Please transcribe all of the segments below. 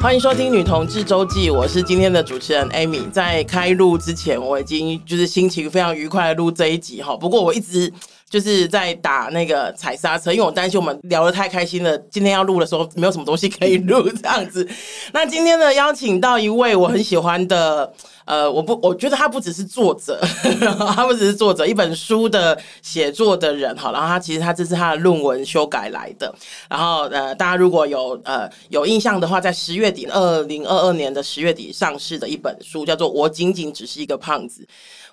歡迎收聽《女同志週記》，我是今天的主持人 Amy。在開錄之前，我已經就是心情非常愉快的錄這一集哈。不過我一直就是在打那個踩剎車，因為我擔心我們聊得太開心了，今天要錄的時候沒有什麼東西可以錄，這樣子。那今天呢，邀請到一位我很喜歡的，呃，我不，我覺得他不只是作者，呵呵他不只是作者，一本書的寫作的人，好，然後他其實他這是他的論文修改來的。然後呃，大家如果有呃有印象的話，在十月底，二零二二年的十月底上市的一本書，叫做《我僅僅只是一個胖子》。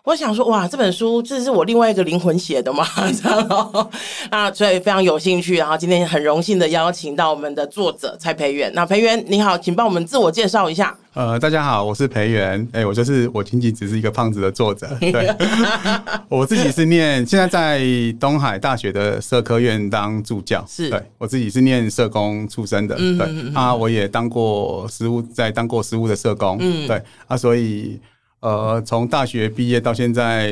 我想說，哇，這本書這是我另外一個靈魂寫的嘛，知道嗎？那所以非常有興趣。然後今天很榮幸的邀請到我們的作者蔡培元。那培元，你好，請幫我們自我介紹一下。呃，大家好，我是培元。哎、欸，我就是我僅僅只是一個胖子的作者。對， 我自己是念，現在在東海大學的社科院當助教。是，對我自己是念社工出身的。嗯、哼哼對啊，我也當過實務在當過實務的社工。嗯，對啊，所以。呃，從大學畢業到現在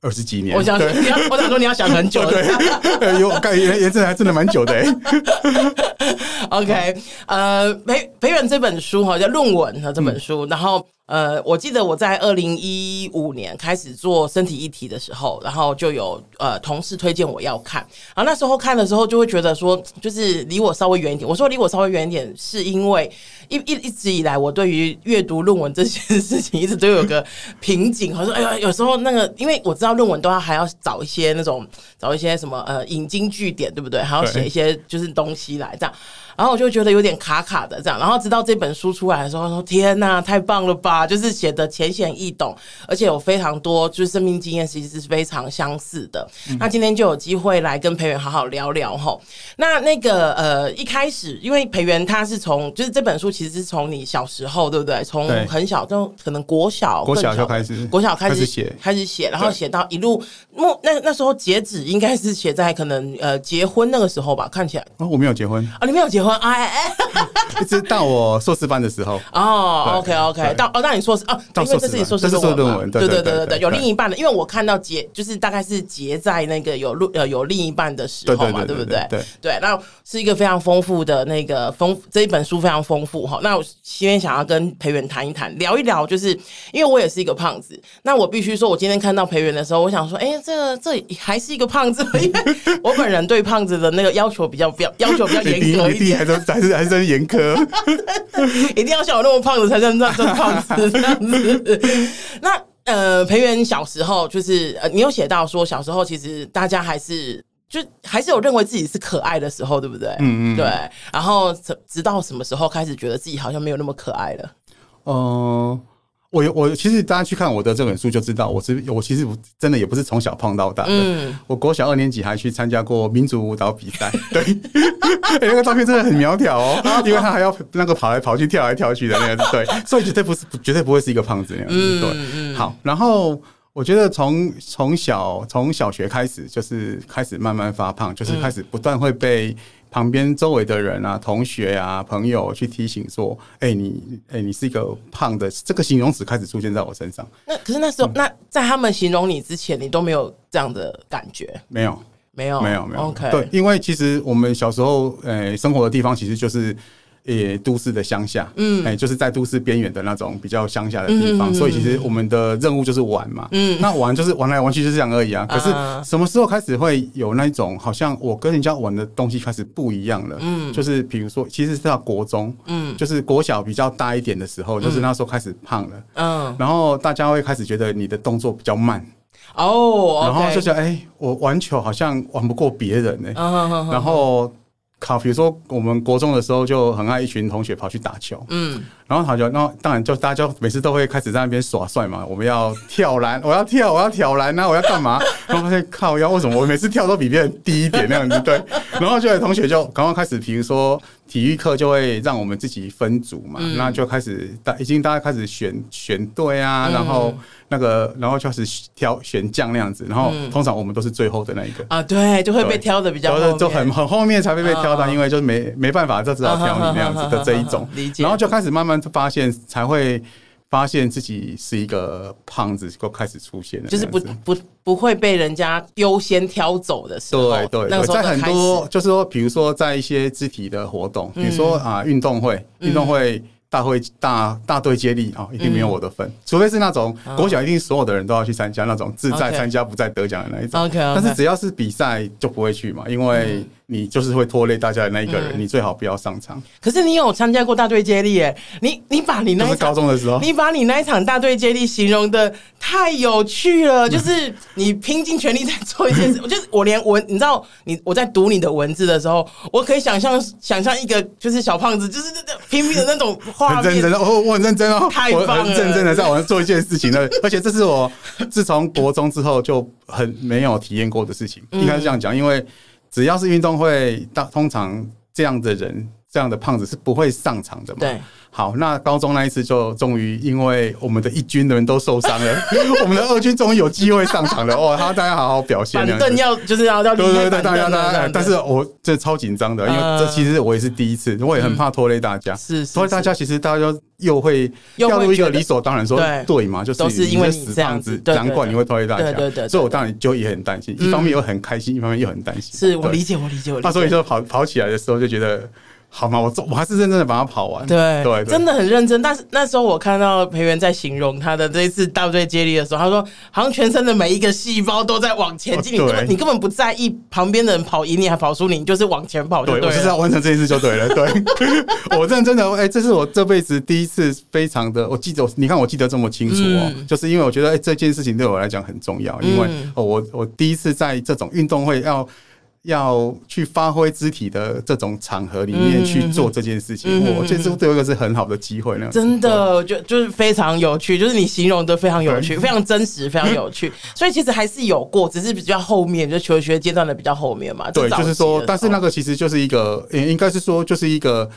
二十幾年，我想對你要，我想說你要想很久， 對，有，我感覺也真的還真的蠻久的。 OK，呃，培，培元這本書哈叫論文哈這本書，然後。呃，我記得我在二零一五年開始做身體議題的時候，然後就有呃同事推薦我要看，然後那時候看的時候就會覺得說，就是離我稍微遠一點。我說離我稍微遠一點，是因為一一一直以來我對於閱讀論文這件事情一直都有個瓶頸。好像 哎呀，有時候那個，因為我知道論文都要還要找一些那種找一些什麼呃引經據典，對不對？還要寫一些就是東西來這樣。然後我就覺得有點卡卡的這樣，然後直到這本書出來的時候，說天哪、啊，太棒了吧！就是寫的淺顯易懂，而且有非常多就是生命經驗，其實是非常相似的。嗯、那今天就有機會來跟培元好好聊聊吼。那那個呃，一開始因為培元他是從就是這本書其實是從你小時候對不對？從很小就對可能國小，小國小就開始國小開始寫開始寫，然後寫到一路末對那那時候截止應該是寫在可能呃結婚那個時候吧？看起來啊、哦，我沒有結婚啊、哦，你沒有結婚。哎哎，一直、啊欸欸、 到我碩士班的時候哦對，OK OK，對到哦，那你碩士哦，啊、士因為這是你碩士論文，文，對對對對對，有另一半的，對對對對因為我看到結就是大概是結在那個有錄呃有另一半的時候嘛，對不對，對，對？對對，那是一個非常豐富的那個豐這一本書非常豐富哈。那我今天想要跟培元談一談，聊一聊，就是因為我也是一個胖子，那我必須說，我今天看到培元的時候，我想說，哎、欸，這這還是一個胖子，因 為我本人對胖子的那個要求比較比較要求比較嚴格一點。還是還是還是嚴苛， 一定要像我那麼胖的才能算胖子這樣子 那。那呃，培元小時候就是呃，你有寫到說小時候其實大家還是就還是有認為自己是可愛的時候，對不對？嗯，嗯對。然後直到什麼時候開始覺得自己好像沒有那麼可愛了？嗯，嗯。呃我我其實大家去看我的這本書就知道，我是我其實真的也不是從小胖到大的。嗯，我國小二年級還去參加過民族舞蹈比賽，嗯、對，那個照片真的很苗條哦，因為他還要那個跑來跑去、跳來跳去的那個，對，所以絕對不是絕對不會是一個胖子那樣子，對，好。然後我覺得從從小從小學開始就是開始慢慢發胖，就是開始不斷會被。旁邊週圍的人啊，同學啊，朋友去提醒說：“哎、欸，你哎，你是一個胖的。”這個形容詞開始出現在我身上。那可是那時候，嗯、那在他們形容你之前，你都沒有這樣的感覺。沒有，嗯、沒有，沒有，沒有 okay。OK，對，因為其實我們小時候，哎，生活的地方其實就是。也都市的鄉下，嗯，就是在都市邊緣的那種比較鄉下的地方，所以其實我們的任務就是玩嘛，嗯，那玩就是玩來玩去就這樣而已啊。可是什麼時候開始會有那種，好像我跟人家玩的東西開始不一樣了，嗯，就是比如說，其實是在國中，嗯，就是國小比較大一點的時候，就是那時候開始胖了，嗯，然後大家會開始覺得你的動作比較慢，哦，然後就覺得，誒，我玩球好像玩不過別人哎，然後。考，比如說我們國中的時候就很愛一群同學跑去打球。嗯。然後他就，那當然就大家就每次都會開始在那邊耍帥嘛。我們要跳欄，我要跳，我要跳欄呢，我要幹嘛？然後發現靠腰，為什麼我每次跳都比別人低一點那樣子？對。然後就有同學就剛剛開始，比如說體育課就會讓我們自己分組嘛，嗯、那就開始大，已經大家開始選選隊啊，然後、嗯、那個，然後就是挑選將那樣子。然後、嗯、通常我們都是最後的那一個啊，對，就會被挑的比較，就，是、就很很後面才會被，被挑到，啊、因為就是沒沒辦法，就只好挑你那樣子的這一種。啊啊啊啊、理解。然後就開始慢慢。發現才會發現自己是一個胖子，就開始出現了，就是不不不會被人家優先挑走的時候。對，對對，那在很多就是說，比如說在一些肢體的活動，嗯、比如說啊運動會、運動會大會大大隊接力啊、哦，一定沒有我的份。嗯、除非是那種國獎，一定所有的人都要去參加，哦、那種自在參加、不在得獎的那一種。OK，, okay 但是只要是比賽就不會去嘛，因為。你就是會拖累大家的那一個人，嗯、你最好不要上場。可是你有參加過大隊接力耶、欸？你你把你那高中的時候，你把你那一場，你你那一場大隊接力形容得太有趣了，就是你拼盡全力在做一件事。我、嗯、覺得我連文，你知道，你我在讀你的文字的時候，我可以想象，想象一個就是小胖子，就是那，那，那拼命的那種畫面。很認真的，我、哦、我很認真哦，太棒了，很認真的在我做一件事情的。嗯、而且這是我自從國中之後就很沒有體驗過的事情。嗯、應該是這樣講，因為。只要是運動會，大通常這樣的人。這樣的胖子是不會上場的嘛？對。好，那高中那一次就終於因為我們的一軍的人都受傷了，我們的二軍終於有機會上場了。哦，他大家好好表現。要就是要要對對對，大家大家。但是我這超緊張的，因為這其實我也是第一次，我也很怕拖累大家。是，所以大家其實大家又會掉入一個理所當然說對嘛，就是因為你這樣子，難怪你會拖累大家。對對。所以我當然就也很擔心，一方面又很開心，一方面又很擔心。是我理解，我理解。我理解。他所以就跑跑起來的時候就覺得。好嗎？我做我還是認真的把它跑完。對對，對對，真的很認真。但是那時候我看到培元在形容他的這一次大隊接力的時候，他說好像全身的每一個細胞都在往前進，你根本、哦、你根本不在意旁邊的人跑贏你還跑輸你，你就是往前跑對。對我就是要完成這一次就對了。 對，我認真的。哎、欸，這是我這輩子第一次非常的，我記得我你看我記得這麼清楚哦，嗯、就是因為我覺得哎、欸、這件事情對我來講很重要，因為、嗯哦、我我第一次在這種運動會要。要去發揮肢體的這種場合裡面去做這件事情，我覺得這都一個是很好的機會呢。真的，對就，就是非常有趣，就是你形容的非常有趣，對非常真實，非常有趣。嗯、所以其實還是有過，只是比較後面就求學階段的比較後面嘛。對，就是說，但是那個其實就是一個，應該是說就是一個。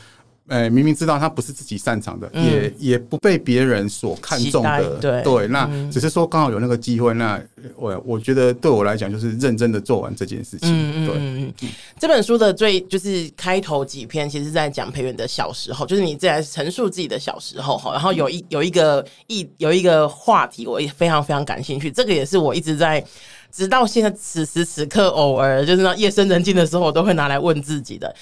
哎，明明知道他不是自己擅長的，嗯、也也不被別人所看重的，對，對嗯、那只是說剛好有那個機會。那我我覺得對我來講就是認真的做完這件事情。嗯嗯嗯、對，嗯這本書的最就是開頭幾篇，其實在講培元的小時候，就是你在陳述自己的小時候哈。然後有一有一個一有一個話題，我也非常非常感興趣。這個也是我一直在直到現在此時此刻偶，偶爾就是在夜深人靜的時候，我都會拿來問自己的。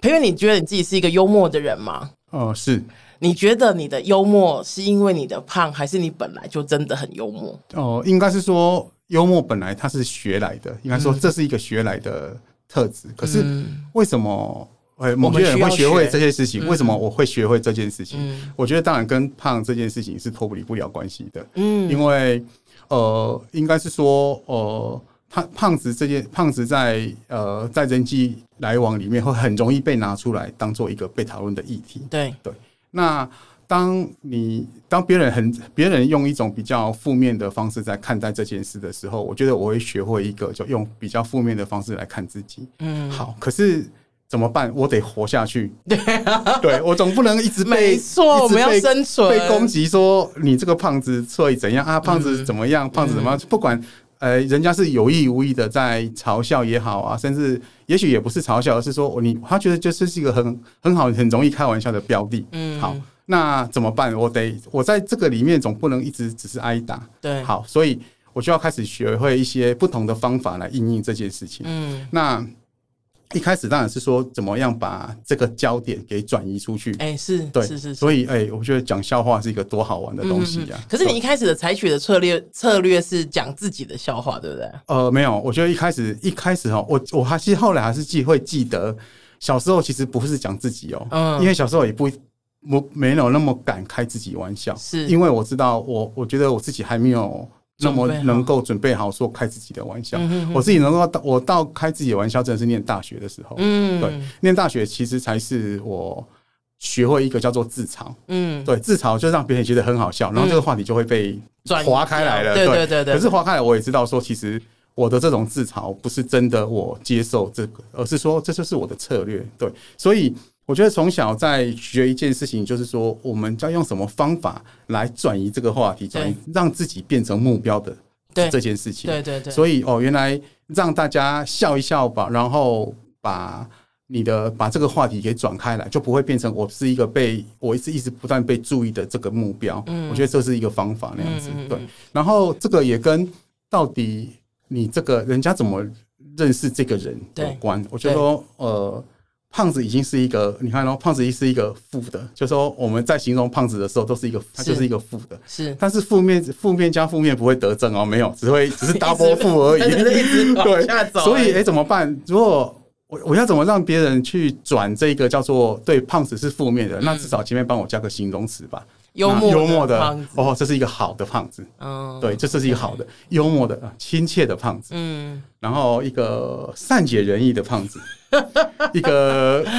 培元，你覺得你自己是一個幽默的人嗎？嗯、呃，是。你覺得你的幽默是因為你的胖，還是你本來就真的很幽默？哦、呃，應該是說，幽默本來它是學來的，應該說這是一個學來的特質。嗯、可是為什麼、欸嗯、某些人會學會這些事情？為什麼我會學會這件事情？嗯、我覺得當然跟胖這件事情是脫離不了關係的。嗯，因為呃，應該是說呃。胖胖子這件胖子在呃在人際來往裡面會很容易被拿出來當做一個被討論的議題。對對，那當你當別人很別人用一種比較負面的方式在看待這件事的時候，我覺得我會學會一個，就用比較負面的方式來看自己。嗯，好，可是怎麼辦？我得活下去。 對，對我總不能一直被，沒錯，一直被，我們要生存，被攻擊說你這個胖子所以怎樣啊？胖子怎麼樣？嗯、胖子怎麼樣？嗯、不管。人家是有意無意的在嘲笑也好啊，甚至也許也不是嘲笑，而是說你他覺得這是一個很很好、很容易開玩笑的標的。嗯，好，那怎麼辦？我得我在這個裡面總不能一直只是挨打。對，好，所以我就要開始學會一些不同的方法來因應這件事情。嗯，那。一開始當然是說怎麼樣把這個焦點給轉移出去，哎、欸，是對，是，是是，所以哎、欸，我覺得講笑話是一個多好玩的東西啊。嗯嗯嗯，可是你一開始的採取的策略策略是講自己的笑話，對不對？呃，沒有，我覺得一開始一開始哈，我我還是後來還是記會記得小時候其實不是講自己哦、喔，嗯，因為小時候也不我沒有那麼敢開自己玩笑，是因為我知道我我覺得我自己還沒有。那麼能夠準備好說，開自己的玩笑，嗯、哼哼，我自己能夠到我到開自己的玩笑，真的是念大學的時候。嗯，對，念大學其實才是我學會一個叫做自嘲。嗯，對，自嘲就讓別人覺得很好笑，然後這個話題就會被劃開來了。嗯、對，對，對對對對。可是劃開來，我也知道說，其實我的這種自嘲不是真的，我接受這個，而是說，這就是我的策略。對，所以。我覺得從小在學一件事情，就是說，我們要用什麼方法來轉移這個話題，轉移對 讓自己變成目標的對 這件事情。對對對。所以哦，原來讓大家笑一笑吧，然後把你的把這個話題給轉開來，就不會變成我是一個被我一直一直不斷被注意的這個目標。嗯，我覺得這是一個方法那樣子。對。然後這個也跟到底你這個人家怎麼認識這個人有關。對 我覺得說呃。胖子已經是一個，你看嘍，胖子已經是一個負的，就是說我們在形容胖子的時候都是一個，它就是一個負的。是，但是負面負面加負面不會得正哦、喔，沒有，只會只是 double 負而已，是，對所以，哎，怎麼辦？如果我我要怎麼讓別人去轉這個叫做對胖子是負面的？那至少前面幫我加個形容詞吧，幽默幽默的胖子哦，這是一個好的胖子。哦，對，這這是一個好的幽默的親切的胖子。嗯，然後一個善解人意的胖子。 一個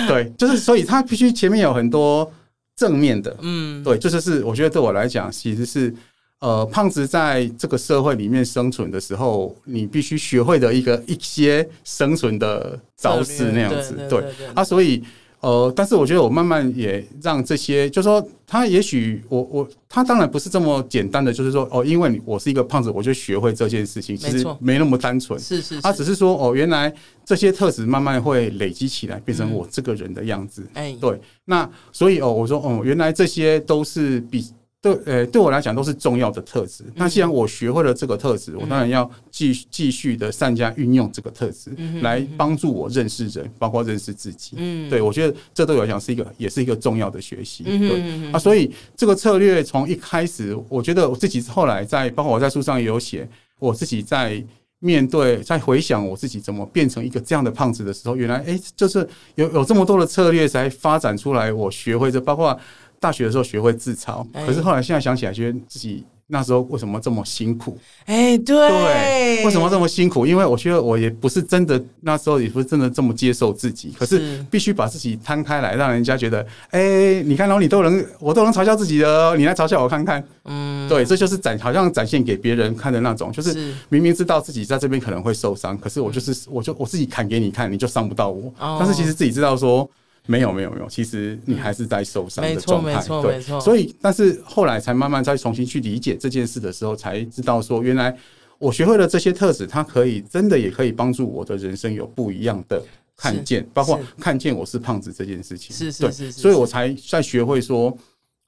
對，就是所以他必須前面有很多正面的，嗯，對，就是是我覺得對我來講，其實是呃，胖子在這個社會裡面生存的時候，你必須學會的一個一些生存的招式那樣子，對，啊，所以。呃，但是我覺得我慢慢也讓這些，就說他也許我我他當然不是這麼簡單的，就是說哦，因為你我是一個胖子，我就學會這件事情，沒錯，其實沒那麼單純，是是，是、啊，他只是說哦，原來這些特質慢慢會累積起來，變成我這個人的樣子，哎、嗯，對，欸、那所以哦，我說哦、嗯，原來這些都是比。對，呃，對我來講都是重要的特質。那既然我學會了這個特質，嗯、哼我當然要繼續繼續的善加運用這個特質，來幫助我認識人，嗯、哼包括認識自己。嗯哼，對，我覺得這對我來講是一個，也是一個重要的學習。對嗯哼，啊，所以這個策略從一開始，我覺得我自己後來在，包括我在書上也有寫，我自己在面對，在回想我自己怎麼變成一個這樣的胖子的時候，原來，哎，就是有有這麼多的策略才發展出來，我學會這，包括。大學的時候學會自嘲，可是後來現在想起來，覺得自己那時候為什麼這麼辛苦？哎，對，對，為什麼這麼辛苦？因為我覺得我也不是真的那時候也不是真的這麼接受自己，可是必須把自己攤開來，讓人家覺得，哎，是，你看哦，你都能，我都能嘲笑自己了，你來嘲笑我看看。嗯，對，這就是展，好像展現給別人看的那種，就是明明知道自己在這邊可能會受傷，是可是我就是，我就我自己砍給你看，你就傷不到我。哦，但是其實自己知道說。沒有沒有沒有，其實你還是在受傷的狀態，沒錯沒錯對，沒錯所以，但是後來才慢慢再重新去理解這件事的時候，才知道說，原來我學會了這些特質，它可以真的也可以幫助我的人生有不一樣的看見，是包括看見我是胖子這件事情，是是是，所以我才在學會說，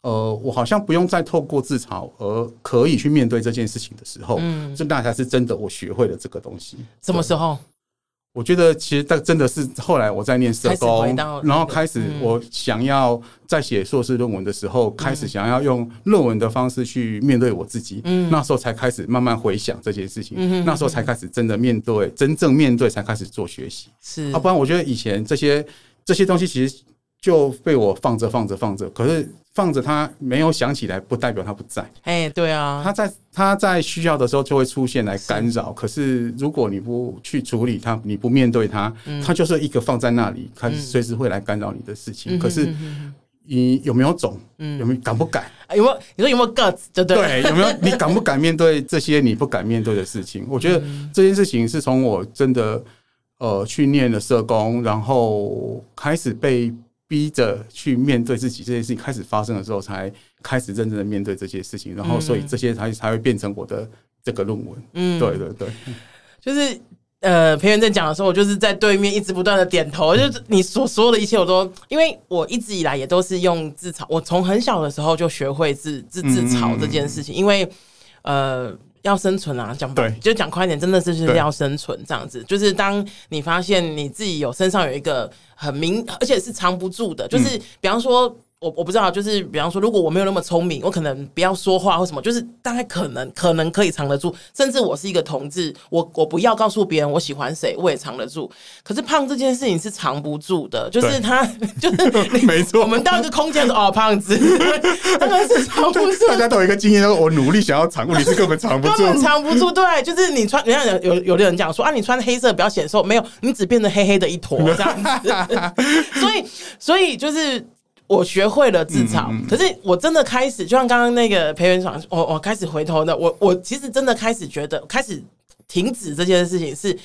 呃，我好像不用再透過自嘲而可以去面對這件事情的時候，這、嗯、那才是真的，我學會了這個東西。什麼時候？我覺得其實，這真的是後來我在念社工，然後開始我想要在寫碩士論文的時候，開始想要用論文的方式去面對我自己。嗯，那時候才開始慢慢回想這些事情。嗯，那時候才開始真的面對，真正面對，才開始做學習。是啊，不然我覺得以前這些這些東西其實。就被我放着放着放着，可是放着他沒有想起來，不代表他不在。哎，hey, 對啊，他在他在需要的時候就會出現來干擾。是，可是如果你不去處理它，你不面對它，它、嗯、就是一個放在那裡，它隨時會來干擾你的事情。嗯、可是你有沒有種？嗯、有沒有敢不敢？啊、有沒有你說有沒有 guts？對對對，有沒有你敢不敢面對這些你不敢面對的事情？嗯、我覺得這件事情是從我真的呃去念了社工，然後開始被。逼着去面對自己，這些事情開始發生的時候，才開始認真的面對這些事情，然後所以這些才才會變成我的這個論文。嗯，對對對，就是呃，培元正講的時候，我就是在對面一直不斷的點頭，嗯、就是你所說的一切，我都因為我一直以來也都是用自嘲，我從很小的時候就學會自自自嘲這件事情，嗯嗯嗯因為呃。要生存啊，講對就講快點，真的是是要生存這樣子，對就是當你發現你自己有身上有一個很明，而且是藏不住的，就是比方說。嗯我我不知道，就是比方說，如果我沒有那麼聰明，我可能不要說話或什麼，就是大概可能可能可以藏得住。甚至我是一個同志，我我不要告訴別人我喜歡誰，我也藏得住。可是胖子這件事情是藏不住的，就是他對 就是你沒錯 錯，我們到一個空間說哦胖子， 他真的是藏不住。 大家都有一個經驗，我努力想要藏，你是根本藏不住，藏不住。對，就是你穿，人家有有的人講說啊，你穿黑色比較顯瘦，沒有，你只變得黑黑的一坨這樣子。 所以，所以就是。我學會了自嘲，嗯嗯嗯，可是我真的開始，就像剛剛那個培元爽，我我開始回頭的，我我其實真的開始覺得，開始停止這件事情是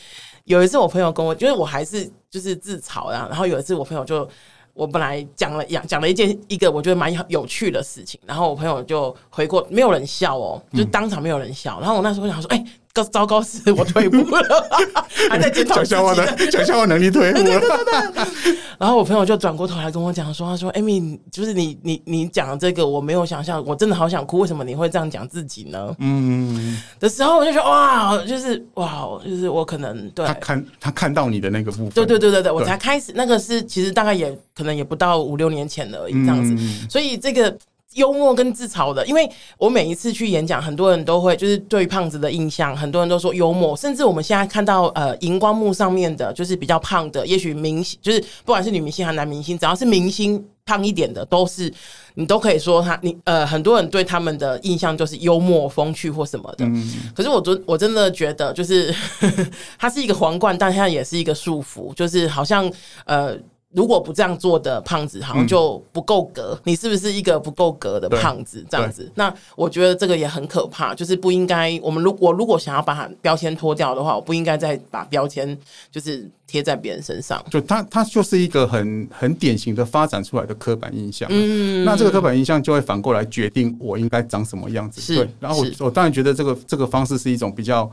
有一次我朋友跟我，就是我還是就是自嘲啊，然後有一次我朋友就我本來講了講講了一件一個我覺得蠻有趣的事情，然後我朋友就回過沒有人笑哦，就是、當場沒有人笑，嗯、然後我那時候想說，哎、欸。糟糕死，是我退步了！ 還在講笑話的講能力退步了。 對 然後我朋友就轉過頭來跟我講說：“他說，Amy，就是你，你，你講這個，我沒有想象，我真的好想哭。為什麼你會這樣講自己呢？”嗯，的時候我就說：“哇，就是哇，就是我可能對。”他看他看到你的那個部分，對對對對對，對我才開始，那個是其實大概也可能也不到五六年前的而已，這樣子，嗯、所以這個。幽默跟自嘲的，因為我每一次去演講，很多人都會就是對胖子的印象，很多人都說幽默，甚至我們現在看到呃熒光幕上面的，就是比較胖的，也許明星就是不管是女明星還是男明星，只要是明星胖一點的，都是你都可以說他，你呃很多人對他們的印象就是幽默、風趣或什麼的。嗯嗯嗯可是我真我真的覺得，就是呵呵他是一個皇冠，但他也是一個束縛，就是好像呃。如果不這樣做的胖子，好像就不夠格。嗯，你是不是一個不夠格的胖子？這樣子，那我覺得這個也很可怕，就是不應該。我們如果如果想要把標籤脫掉的話，我不應該再把標籤就是貼在別人身上。就它它就是一個很很典型的發展出來的刻板印象。嗯，那這個刻板印象就會反過來決定我應該長什麼樣子。是對，然後我，是我當然覺得這個這個方式是一種比較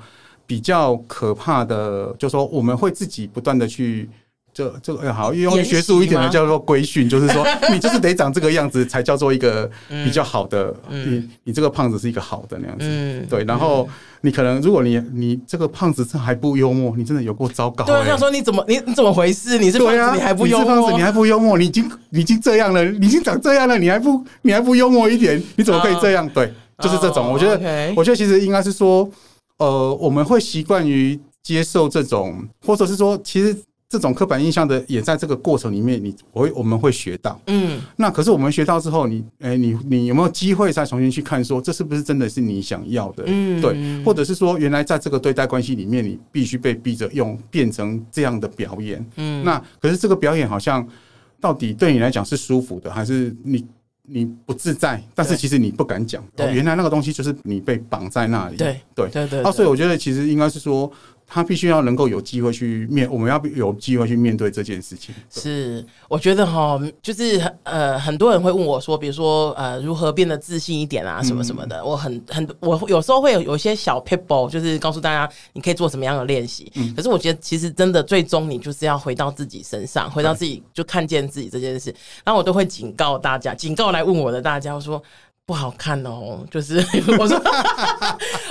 比較可怕的，就是說我們會自己不斷的去。就就很好，用學術一點的叫做規訓，就是說你就是得長這個樣子才叫做一個比較好的。你你這個胖子是一個好的那樣子，對。然後你可能如果你你這個胖子這還不幽默，你真的有過糟糕。欸？對，我想說你怎麼你你怎麼回事？你是不是你還不幽默，你還不幽默，你已經你已經這樣了，你已經長這樣了，你還不你還不幽默一點？你怎麼可以這樣？對，就是這種。我覺得我覺得其實應該是說，呃，我們會習慣於接受這種，或者是說其實。這種刻板印象的，也在這個過程裡面你，你我會我們會學到，嗯，那可是我們學到之後你、欸，你，你你有沒有機會再重新去看，說這是不是真的是你想要的？嗯，對，或者是說，原來在這個對待關係裡面，你必須被逼着用，變成這樣的表演。嗯，那可是這個表演好像到底對你來講是舒服的，還是你你不自在？但是其實你不敢講對、哦，原來那個東西就是你被綁在那裡。對對對、啊、所以我覺得其實應該是說。他必須要能夠有機會去面，我們要有機會去面對這件事情。是，我覺得齁，就是呃，很多人會問我說，比如說呃，如何變得自信一點啊，什麼什麼的。嗯、我很很，我有時候會有，有一些小撇步，就是告訴大家你可以做什麼樣的練習。嗯、可是我覺得，其實真的最終你就是要回到自己身上，回到自己對就看見自己這件事。然後我都會警告大家，警告來問我的大家，我說不好看哦，喔，就是 我說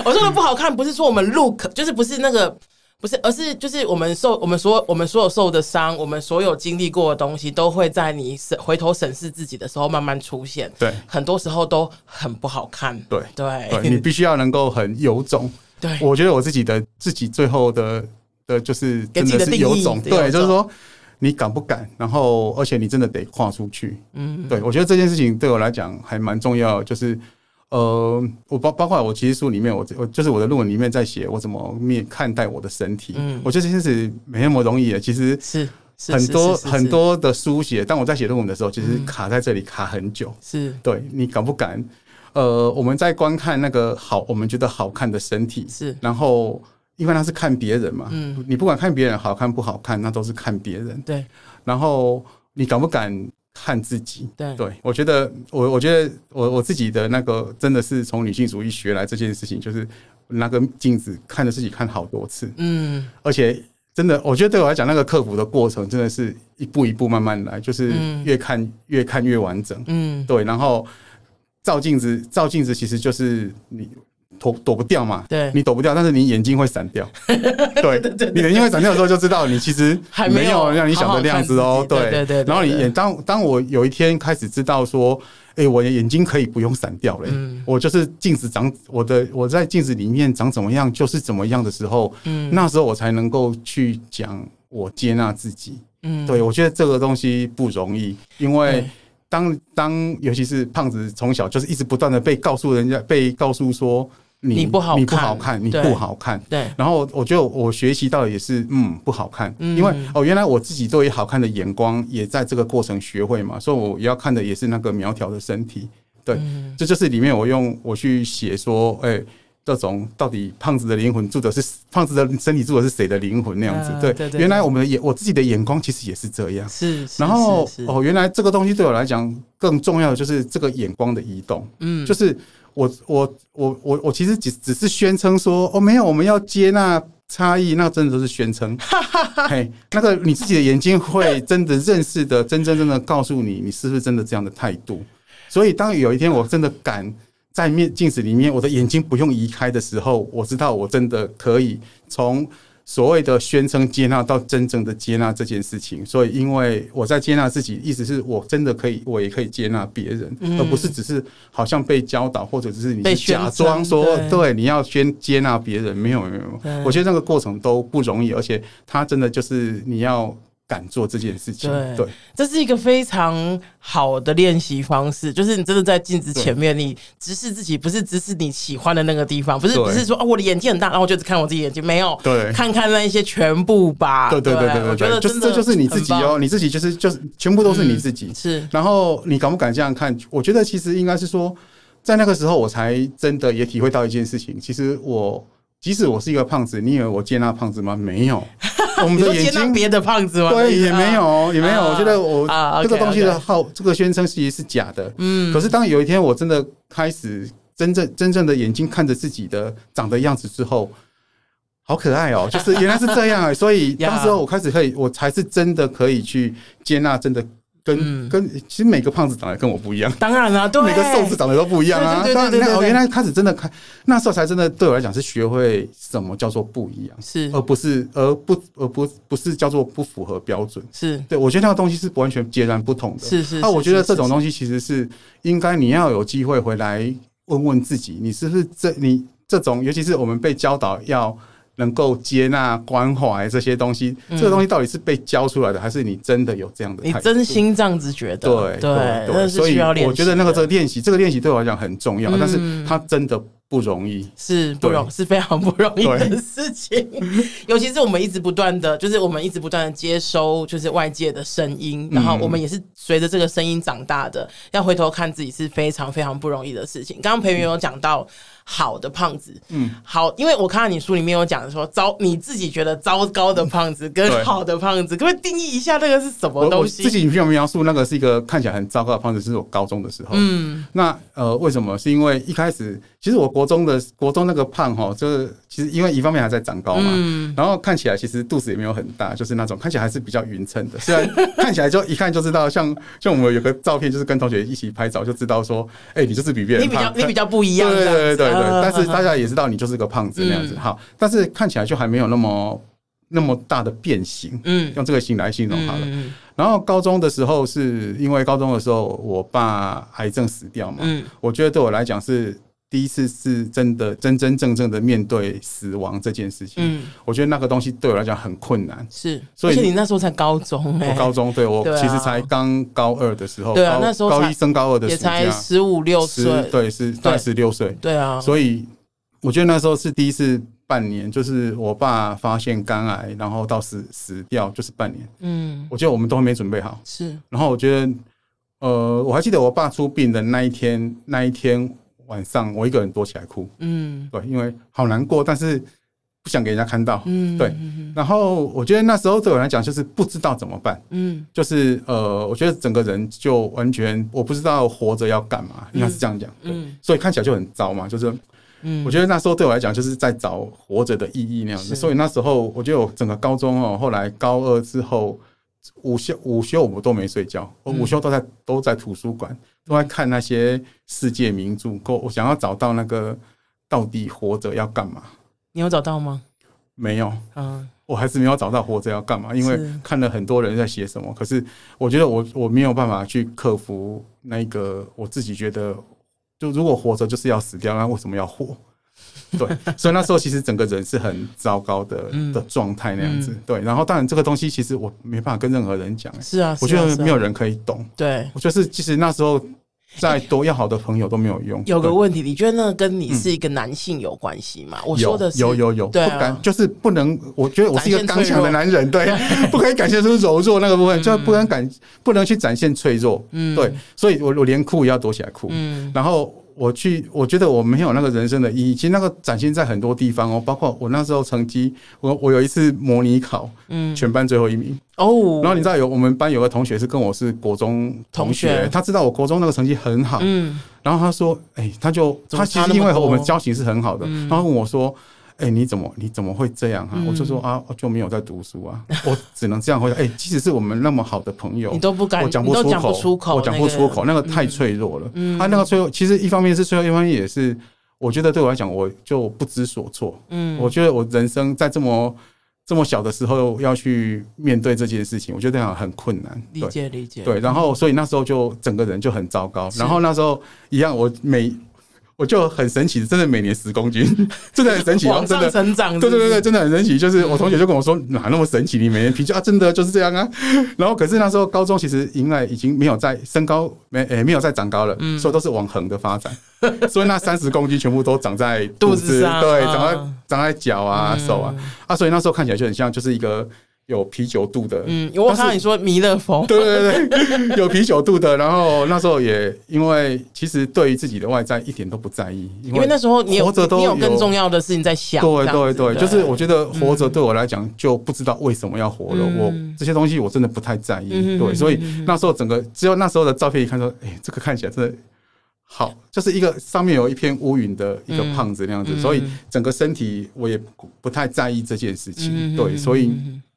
我說的不好看，不是說我們 look，就是不是那個。不是，而是就是我們受我們所有我們所有受的傷，我們所有經歷過的東西，都會在你審，回頭審視自己的時候慢慢出現。對，很多時候都很不好看。對對，對，你必須要能夠很有種。對，我覺得我自己的自己最後的的就是真的是有種。有種對，就是說你敢不敢？然後，而且你真的得跨出去。嗯，對，我覺得這件事情對我來講還蠻重要，就是。呃，我包包括我其實書裡面，我我就是我的論文裡面在寫我怎麼面看待我的身體。嗯，我覺得其實沒那麼容易的，其實是很多很多的書寫。當我在寫論文的時候，嗯、其實卡在這裡卡很久。是，對，你敢不敢？呃，我們在觀看那個好，我們覺得好看的身體，是。然後，因為他是看別人嘛，嗯，你不管看別人好看不好看，那都是看別人。對。然後，你敢不敢？看自己，對，對，我覺得我，我覺得我我自己的那個真的是從女性主義學來這件事情，就是拿個鏡子看着自己看好多次，嗯，而且真的，我覺得對我來講，那個克服的過程真的是一步一步慢慢來，就是越看越看越完整，嗯，對，然後照鏡子，照鏡子其實就是你。躲躲不掉嘛？對，你躲不掉，但是你眼睛會閃掉。 對，對，對，對，你的眼睛會閃掉的時候，就知道你其實沒有讓你想的那樣子哦。好好對，對對對，對。然後你眼當當我有一天開始知道說，哎、欸，我的眼睛可以不用閃掉嘞，嗯、我就是鏡子長我的，我在鏡子裡面長怎麼樣就是怎麼樣的時候，嗯、那時候我才能夠去講我接納自己。嗯、對我覺得這個東西不容易，因為當對當，當尤其是胖子從小就是一直不斷的被告訴人家，被告訴說。你不好，你不好看，你不好看。對，你不好看，然後我覺得我學習到的也是，嗯，不好看。因為、嗯、哦，原來我自己作為好看的眼光也在這個過程學會嘛，所以我要看的也是那個苗條的身體。對，這、嗯、就，就是裡面我用我去寫說，哎、欸，這種到底胖子的靈魂住的是胖子的身體住的是誰的靈魂那樣子？對，啊、對對對，原來我們也我自己的眼光其實也是這樣。是，是，然後哦，原來這個東西對我來講更重要的就是這個眼光的移動。嗯，就是。我我我我我其實只只是宣稱說哦沒有我們要接納差異，那真的都是宣稱。 嘿，那個你自己的眼睛會真的認識的，真真正正的告訴你，你是不是真的這樣的態度。所以當有一天我真的敢在面鏡子裡面，我的眼睛不用移開的時候，我知道我真的可以從。所謂的宣稱接納到真正的接納這件事情，所以因為我在接納自己，意思是我真的可以，我也可以接納別人，而不是只是好像被教導，或者只是你假裝說對，你要先接納別人，沒有沒有，我覺得那個過程都不容易，而且他真的就是你要。敢做這件事情，對，對，這是一個非常好的練習方式。就是你真的在鏡子前面，對你直視自己，不是直視你喜歡的那個地方，不是不對是說哦，我的眼睛很大，然後我就只看我自己眼睛，沒有，對，看看那一些全部吧。對對對對，我覺得就是這就是你自己哦、喔，棒你自己就是就是、就是、全部都是你自己。嗯、是，然後你敢不敢這樣看？我覺得其實應該是說，在那個時候我才真的也體會到一件事情，其實我。即使我是一個胖子，你以為我接納胖子嗎？沒有，我們的眼睛別 的胖子嗎？對，也沒有，也沒有。Oh, 我覺得我這個東西的好，oh, okay, okay. 這個宣稱其實是假的。嗯，可是當有一天我真的開始真正真正的眼睛看着自己的長的樣子之後，好可愛哦、喔！就是原來是這樣啊、欸！ 所以那時候我開始可以，我才是真的可以去接納真的。跟、嗯、跟，其實每個胖子長得跟我不一樣，當然啦、啊，都每個瘦子長得都不一樣啊。當然你看，哦，原來開始真的看，那時候才真的對我來講是學會什麼叫做不一樣，是而不是而不而不不是叫做不符合標準，是對。我覺得那個東西是不完全截然不同的，是是，是，是，是、啊。那我覺得這種東西其實是應該你要有機會回來問問自己，你是不是這你這種，尤其是我們被教導要。能夠接納、關懷這些東西，這個東西到底是被教出來的，還是你真的有這樣的、嗯？你真心這樣子覺得？對對，對對，那是，是需要練習，所以我覺得那個這個練習，這個練習對我來講很重要，嗯、但是它真的不容易，是不容易對是非常不容易的事情。對尤其是我們一直不斷的，就是我們一直不斷的接收，就是外界的聲音，然後我們也是隨着這個聲音長大的。嗯、要回頭看自己是非常非常不容易的事情。剛剛培元有講到。嗯好的胖子，嗯，好，因為我看到你書裡面有講的說，糟，你自己覺得糟糕的胖子跟好的胖子，嗯，可不可以定義一下那個是什麼東西？自己有沒有描述那個是一個看起來很糟糕的胖子，是我高中的時候，嗯，那呃，為什麼？是因為一開始。其實我國中的國中那個胖齁，就是其實因為一方面還在長高嘛，嗯、然後看起來其實肚子也沒有很大，就是那種看起來還是比較勻稱的。雖然看起來就一看就知道像，像 像我們有個照片，就是跟同學一起拍照就知道說，哎、欸，你就是比別人胖，你比較你比較不一樣，樣，對，對對對對。啊、哈哈，但是大家也知道你就是個胖子那樣子哈、嗯，但是看起來就還沒有那麼那麼大的變形，嗯，用這個形來形容好了。然後高中的時候是因為高中的時候我爸癌症死掉嘛，嗯，我覺得對我來講是。第一次是真的真真正正的面對死亡這件事情，嗯，我覺得那個東西對我來講很困難，是。所以你那時候才高中，我高中，對我其實才剛高二的時候，對啊，那時候高一升高二的時候也才十五六歲，對，是對，十六歲，對啊。所以我覺得那時候是第一次，半年，就是我爸發現肝癌，然後到死死掉就是半年，嗯。我覺得我們都還沒準備好，是。然後我覺得，呃，我還記得我爸出殯的那一天，那一天。晚上我一個人躲起來哭，嗯，對，因為好難過，但是不想給人家看到，嗯，對。然後我覺得那時候對我來講就是不知道怎麼辦，嗯，就是呃，我覺得整個人就完全我不知道活着要幹嘛，應該是這樣講，嗯。對嗯所以看起來就很糟嘛，就是，嗯，我覺得那時候對我來講就是在找活着的意義那樣子。是所以那時候我覺得我整個高中哦，後來高二之後午休午休我們都沒睡覺，我午休都在,、嗯、都在都在圖書館。都在看那些世界名著，夠我想要找到那個到底活着要幹嘛？你有找到嗎？沒有啊，uh, 我還是沒有找到活着要幹嘛。因為看了很多人在寫什麼，是可是我覺得我我沒有辦法去克服那個我自己覺得，就如果活着就是要死掉，那為什麼要活？對，所以那時候其實整個人是很糟糕的的狀態那樣子。對，然後當然這個東西其實我沒辦法跟任何人講，是啊，我覺得沒有人可以懂。對，我就是其實那時候再多要好的朋友都沒有用。有個問題，你覺得那個跟你是一個男性有關係嗎？我說的是有有有有不敢，就是不能，我覺得我是一個剛強的男人，對，不可以展現出柔弱那個部分，就不能展，不能去展現脆弱。嗯，對，所以我我連哭也要躲起來哭，然後。我去，我覺得我沒有那個人生的意義。其實那個展現在很多地方哦，包括我那時候成績，我我有一次模擬考，嗯，全班最後一名哦。然後你知道有我們班有個同學是跟我是國中同學，同學他知道我國中那個成績很好，嗯，然後他說，哎、欸，他就他其實因為和我們交情是很好的，他、嗯、問我說。哎，你怎麼你怎麼會這樣啊？我就說啊，我就沒有在讀書啊，我只能這樣回答。哎，即使是我們那麼好的朋友，你都不敢，我講不出口，我講不出口，那個太脆弱了。嗯，他那個脆弱，其實一方面是脆弱，一方面也是，我覺得對我來講，我就不知所措。嗯，我覺得我人生在這麼這麼小的時候要去面對這件事情，我覺得這樣很困難。理解理解。對，然後所以那時候就整個人就很糟糕。然後那時候一樣，我每我就很神奇，真的每年十公斤， 真的很神奇，往上成長是不是？然後真的。對對對對，真的很神奇。就是我同學就跟我說，哪那麼神奇？你每年平均啊，真的就是這樣啊。然後，可是那時候高中其實應該已經沒有在身高沒誒、欸、沒有再長高了，所以都是往橫的發展。嗯、所以那三十公斤全部都長在肚子， 肚子上、啊、對，長在長在腳啊、手啊、嗯、啊，所以那時候看起來就很像就是一個。有啤酒肚的，嗯，我看到你說彌勒佛，對對對，有啤酒肚的。然後那時候也因為其實對於自己的外在一點都不在意，因為,因為那時候你有你有更重要的事情在想。對對對，對就是我覺得活着對我來講就不知道為什麼要活了。嗯、我這些東西我真的不太在意。對，所以那時候整個只有那時候的照片一看說，哎、欸，這個看起來真的好，就是一個上面有一片烏雲的一個胖子那樣子。嗯、所以整個身體我也不,不太在意這件事情。對，所以。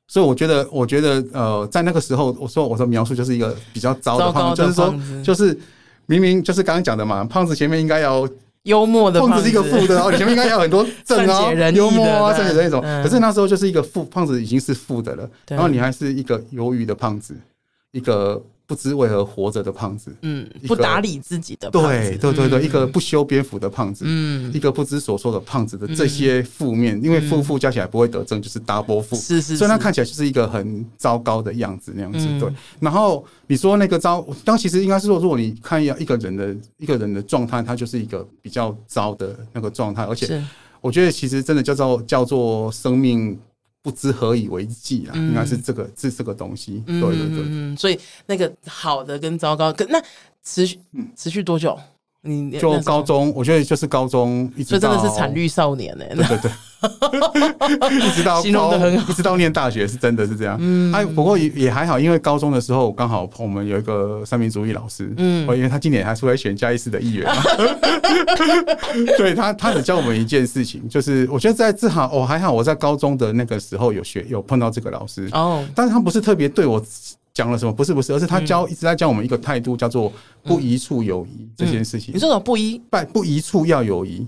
所以我覺得，我覺得，呃，在那個時候，我說我的描述就是一個比較糟的話，的胖子就是說，子就是明明就是剛剛講的嘛，胖子前面應該要幽默的胖，胖子是一個負的 然後你前面應該要很多正啊，幽默啊，正的那種。嗯、可是那時候就是一個負胖子已經是負的了，然後你還是一個憂鬱的胖子，對一個。不知為何活着的胖子，嗯，個不打理自己的胖子，對對對對，嗯、一個不修邊幅的胖子，嗯，一個不知所措的胖子的這些負面，嗯、因為負負加起來不會得正，嗯、就是 double 負，是是,是，所以他看起來就是一個很糟糕的樣子那樣子，對。嗯、然後你說那個糟，當其實應該是說，如果你看一個一個人的一個人的狀態，他就是一個比較糟的那個狀態，而且我覺得其實真的叫做叫做生命。不知何以為繼啊，嗯、應該是這個，是這個東西。對對對，嗯嗯、所以那個好的跟糟糕，跟那持續，持續多久？嗯就高中，我覺得就是高中，一直到就真的是慘綠少年呢、欸。對對對， 一直到高，一直到念大學，是真的是這樣。哎、嗯啊，不過也也還好，因為高中的時候剛好碰我們有一個三民主義老師，嗯，因為他今年還出來選嘉義市的議員， 對他，他只教我們一件事情，就是我覺得在這行我、哦、還好，我在高中的那個時候有學有碰到這個老師，哦，但是他不是特別對我。講了什麼？不是不是，而是他教一直在教我們一個態度，叫做不疑處有疑這件事情。你說什麼？不疑不不疑處要有疑，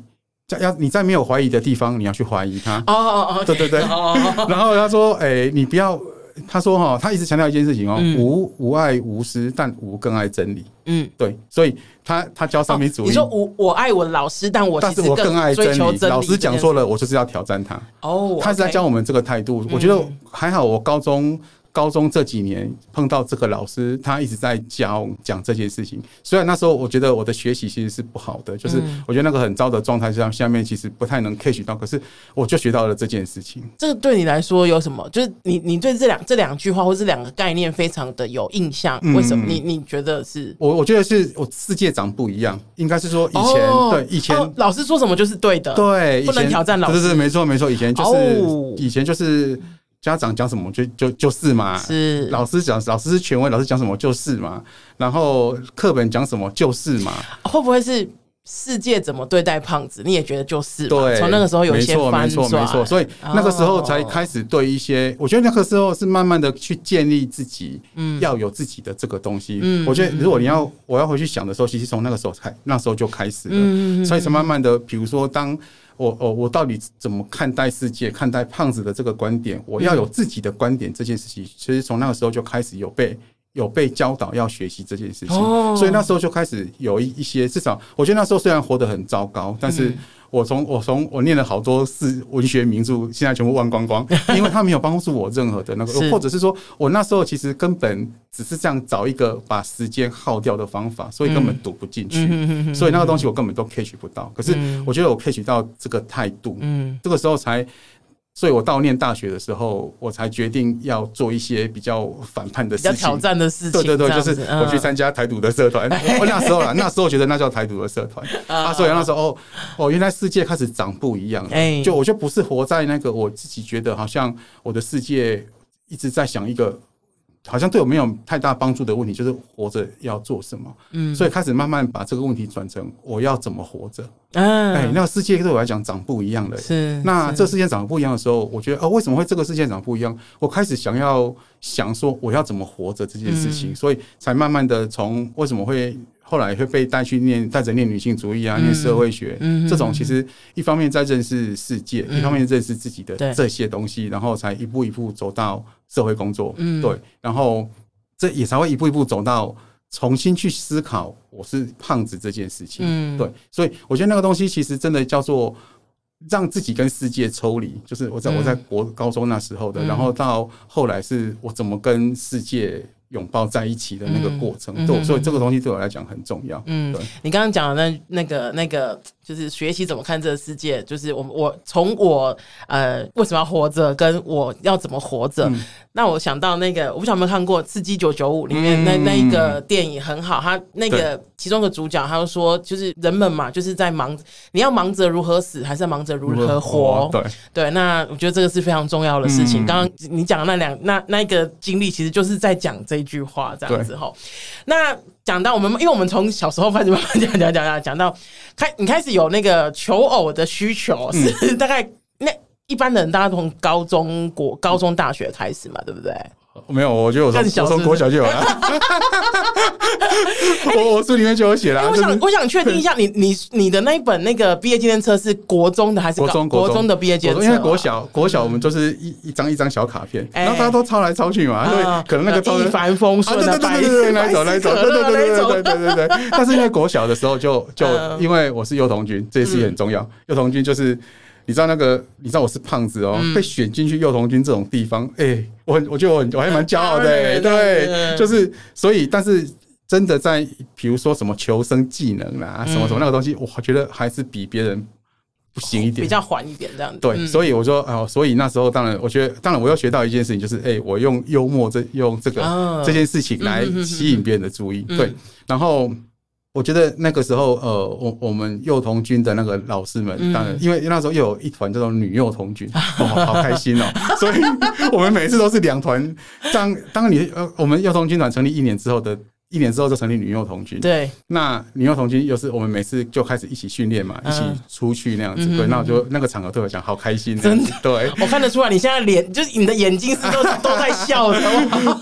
要要你在沒有懷疑的地方，你要去懷疑他。哦哦哦，對對對。然後他說：“哎，你不要。”他說：“哈，他一直強調一件事情哦，吾吾愛吾師，但吾更愛真理。”嗯，對，所以他他教三民主義。你說我我愛我的老師，但我但是我更愛真理。老師講錯了，我就是要挑戰他。哦，他是在教我們這個態度。我覺得還好，我高中。高中這幾年碰到這個老師，他一直在教講這些事情。雖然那時候我覺得我的學習其實是不好的，嗯、就是我覺得那個很糟的狀態下，下面其實不太能 catch 到。可是我就學到了這件事情。這對你來說有什麼？就是你你對這兩這兩句話或是兩個概念非常的有印象？嗯、為什麼？你你覺得是？我我覺得是我世界長不一樣，應該是說以前、哦、對以前、哦、老師說什麼就是對的，對以前不能挑戰老師是沒錯沒錯，以前就是、哦、以前就是。家長講什麼就就就是嘛，是老師講，老師是權威，老師講什麼就是嘛。然後課本講什麼就是嘛、啊。會不會是世界怎麼對待胖子？你也覺得就是？對，從那個時候有一些反轉，沒錯，沒錯。所以那個時候才開始對一些，哦、我覺得那個時候是慢慢的去建立自己，嗯，要有自己的這個東西。嗯，我覺得如果你要我要回去想的時候，其實從那個時候才那時候就開始了，嗯哼，所以才慢慢的，比如說當。我、我、我到底怎麼看待世界？看待胖子的這個觀點，我要有自己的觀點。這件事情其實從那個時候就開始有被。有被教導要學習這件事情，所以那時候就開始有一些，至少我覺得那時候雖然活得很糟糕，但是我從我從我念了好多是文學名著，現在全部忘光光，因為他沒有幫助我任何的那個，或者是說我那時候其實根本只是這樣找一個把時間耗掉的方法，所以根本讀不進去，所以那個東西我根本都 catch 不到。可是我覺得我 catch 到這個態度，這個時候才。所以我到念大學的時候，我才決定要做一些比較反叛的事情，比較挑戰的事情。對對對，就是我去參加台獨的社團。嗯、那時候啦， 那時候我覺得那叫台獨的社團、嗯、啊。所以那時候哦哦，原來世界開始長不一樣。哎，嗯、就我就不是活在那個我自己覺得好像我的世界一直在想一個。好像對我沒有太大幫助的問題，就是活着要做什麼。嗯，所以開始慢慢把這個問題轉成我要怎麼活着。哎、啊欸，那個、世界對我來講長不一樣的、欸。是，那這世界長不一樣的時候，我覺得啊、呃，為什麼會這個世界長不一樣？我開始想要想說我要怎麼活着這件事情，嗯、所以才慢慢的從為什麼會後來會被帶去念帶着念女性主義啊，嗯、念社會學嗯嗯這種，其實一方面在認識世界，嗯、一方面認識自己的這些東西，嗯、然後才一步一步走到。社會工作，對，然後這也才會一步一步走到重新去思考我是胖子這件事情，嗯，對，所以我覺得那個東西其實真的叫做讓自己跟世界抽離，就是我在我在國高中那時候的，然後到後來是我怎麼跟世界。擁抱在一起的那個過程，嗯、對，所以這個東西對我來講很重要。嗯，對。你剛剛講的那那個那個，那個、就是學習怎麼看這個世界，就是我我從我呃為什麼要活着，跟我要怎麼活着。嗯、那我想到那個，我不知道有沒有看過《刺激九九五》裡面的那、嗯、那一個電影，很好。他那個其中的主角，他就說，就是人們嘛，就是在忙，你要忙着如何死，還是要忙着如何活？對對。那我覺得這個是非常重要的事情。剛剛、嗯、你講的那兩那那一個經歷，其實就是在講這。一句話這樣子吼，對那講到我們，因為我們從小時候開始慢慢講講講講講到開，你開始有那個求偶的需求是、嗯、是大概那一般的人，大家從高中、國、國高中、大學開始嘛，嗯、對不對？沒有，我覺得我說我從國小就有了。我我書裡面就有寫了。我想我想確定一下，你你你的那一本那個畢業紀念冊是國中的還是國中國中的畢業紀念冊？因為國小國小我們就是一一張一張小卡片，然後大家都抄來抄去嘛，對，可能那個一帆風順啊，對對對對，來走來走，對對對對對對對。但是因為國小的時候，就就因為我是幼童軍，這次也很重要。幼童軍就是。你知道那個？你知道我是胖子哦、喔，嗯、被選進去幼童軍這種地方，哎、欸，我很我覺得我我還蠻驕傲的、欸，嗯嗯、對，就是所以，但是真的在比如說什麼求生技能啊，嗯、什麼什麼那個東西，我覺得還是比別人不行一點，哦、比較緩一點這樣子。對，所以我說哦，所以那時候當然，我覺得當然我又學到一件事情，就是哎、欸，我用幽默這用這個、啊、這件事情來吸引別人的注意，嗯嗯嗯、對，然後。我覺得那個時候，呃，我我們幼童軍的那個老師們，當然，嗯、因為那時候又有一團這種女幼童軍、 哦，好開心哦，所以我們每次都是兩團。當當你呃，我們幼童軍團成立一年之後的。一年之後就成立女幼童軍。對，那女幼童軍又是我們每次就開始一起訓練嘛，一起出去那樣子。對，那我就那個場合特別想，好開心。真的。對，我看得出來你現在臉就是你的眼睛是都都在笑的。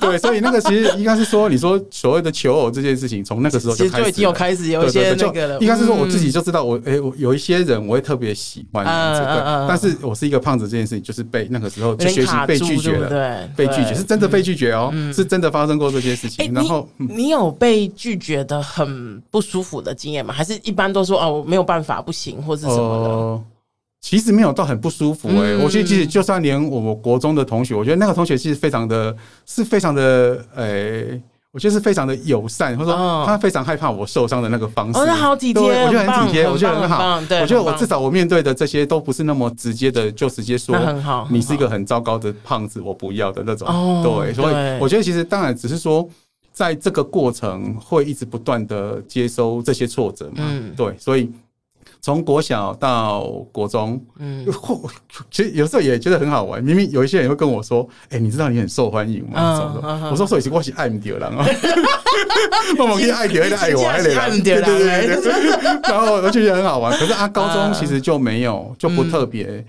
對，所以那個其實應該是說，你說所謂的求偶這件事情，從那個時候就開始，其實就已經有開始有一些那個了。應該是說我自己就知道，我哎，我有一些人我會特別喜歡，這個。但是我是一個胖子，這件事情就是被那個時候就學習被拒絕了，對。被拒絕是真的被拒絕哦，是真的發生過這些事情，然後你有。有被拒絕的很不舒服的經驗嗎？還是一般都說哦，我沒有辦法，不行或者什麼的。其實沒有到很不舒服。哎，我覺得其實就算連我們國中的同學，我覺得那個同學其實非常的，是非常的，哎，我覺得是非常的友善，或者說他非常害怕我受傷的那個方式，我覺得好體貼，我覺得很體貼，我覺得很好。我覺得我至少我面對的這些都不是那麼直接的，就直接說你是一個很糟糕的胖子，我不要的那種。對，所以我覺得其實當然只是說。在這個過程會一直不斷的接收這些挫折嘛？對，所以從國小到國中，嗯，其實有時候也覺得很好玩。明明有一些人會跟我說：“誒，你知道你很受歡迎嗎？”我說：“所以我是愛你爹了，我我跟愛爹愛的愛我愛你了，對對，然後我就覺得很好玩。可是啊，高中其實就沒有，就不特別。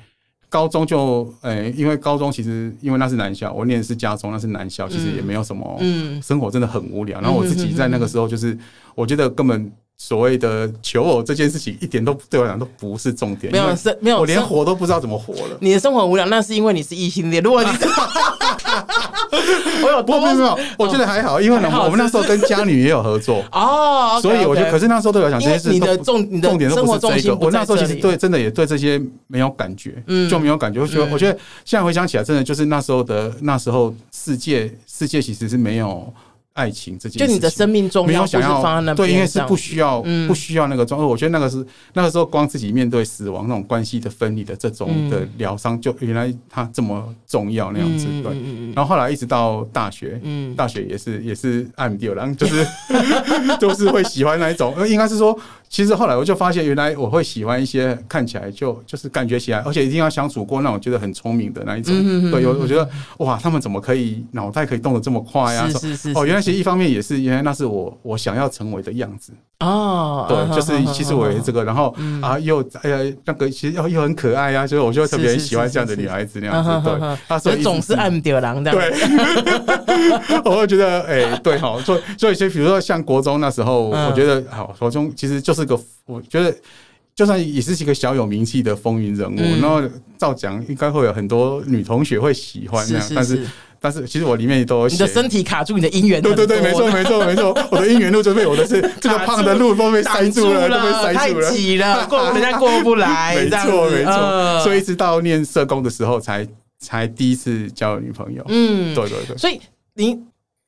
高中就、欸、因為高中其實因為那是男校，我念的是家中那是男校，嗯、其實也沒有什麼，嗯、生活真的很無聊。然後我自己在那個時候就是，嗯、哼哼哼我覺得根本所謂的求偶這件事情，一點都對我來講都不是重點。沒有生沒有，沒有我連活都不知道怎麼活了。你的生活無聊，那是因為你是異性戀。如果你是， 哈哈，不不沒有，我覺得還好，因為我們那時候跟佳女也有合作哦，所以我覺得，可是那時候都有想這些事。你的重，重點都不是這個。我那時候其實對，真的也對這些沒有感覺，就沒有感覺。我覺得，我覺得現在回想起來，真的就是那時候的那時候世界，世界其實是沒有。愛情這件事情，就你的生命中沒有想要對，應該是不需要，不需要那個狀況。我覺得那個是那個時候光自己面對死亡那種關係的分離的這種的療傷，就原來他這麼重要那樣子。對，然後後來一直到大學，大學也是也是艾米然後就是就是會喜歡那一種，應該是說。其實後來我就發現，原來我會喜歡一些看起來就就是感覺起來，而且一定要相處過，那我覺得很聰明的那一種。對，有我覺得哇，他們怎麼可以腦袋可以動得這麼快呀？是是是。哦，原來其實一方面也是，原來那是我我想要成為的樣子哦。對，就是其實我也是這個，然後啊又哎呀那個，其實又又很可愛啊，所以我就特別喜歡這樣的女孩子那樣子。對，我總是愛吊郎的。對。我會覺得哎，對哈，所以一些，比如說像國中那時候，我覺得好，國中其實就是。這個我覺得，就算也是一個小有名氣的風雲人物，嗯、然後照講應該會有很多女同學會喜歡那樣，是是是。但是但是其實我裡面都有寫，你的身體卡住你的姻緣路，對對對，沒錯沒錯沒錯， 我的姻緣路就被我的是這個胖的路都被塞住了，住了都被塞住了，太擠了， 過我人家過不來。沒錯，沒錯沒錯，所以直到念社工的時候才，才才第一次交女朋友，嗯，對對對，所以你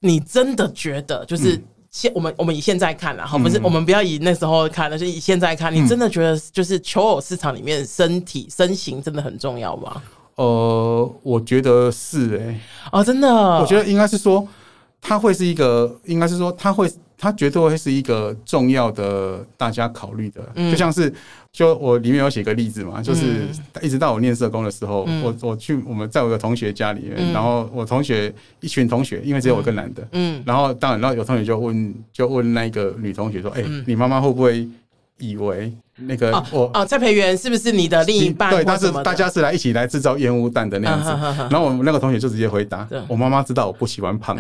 你真的覺得就是。嗯現我們我們以現在看了好，嗯、不是我們不要以那時候看，而是以現在看。你真的覺得就是求偶市場裡面身體身形真的很重要嗎？呃，我覺得是誒、欸，啊、哦，真的，我覺得應該是說，他會是一個，應該是說他會。它絕對會是一個重要的大家考慮的，就像是就我裡面有寫一個例子嘛，就是一直到我念社工的時候，我我去我們在我的同學家裡面，然後我同學一群同學，因為只有我一個男的，然後當然，然後有同學就問就問那個女同學說，哎，你媽媽會不會以為？那個我啊，蔡培元是不是你的另一半？對，但是大家是來一起來製造煙霧彈的那樣子。然後我們那個同學就直接回答：“我媽媽知道我不喜歡胖。”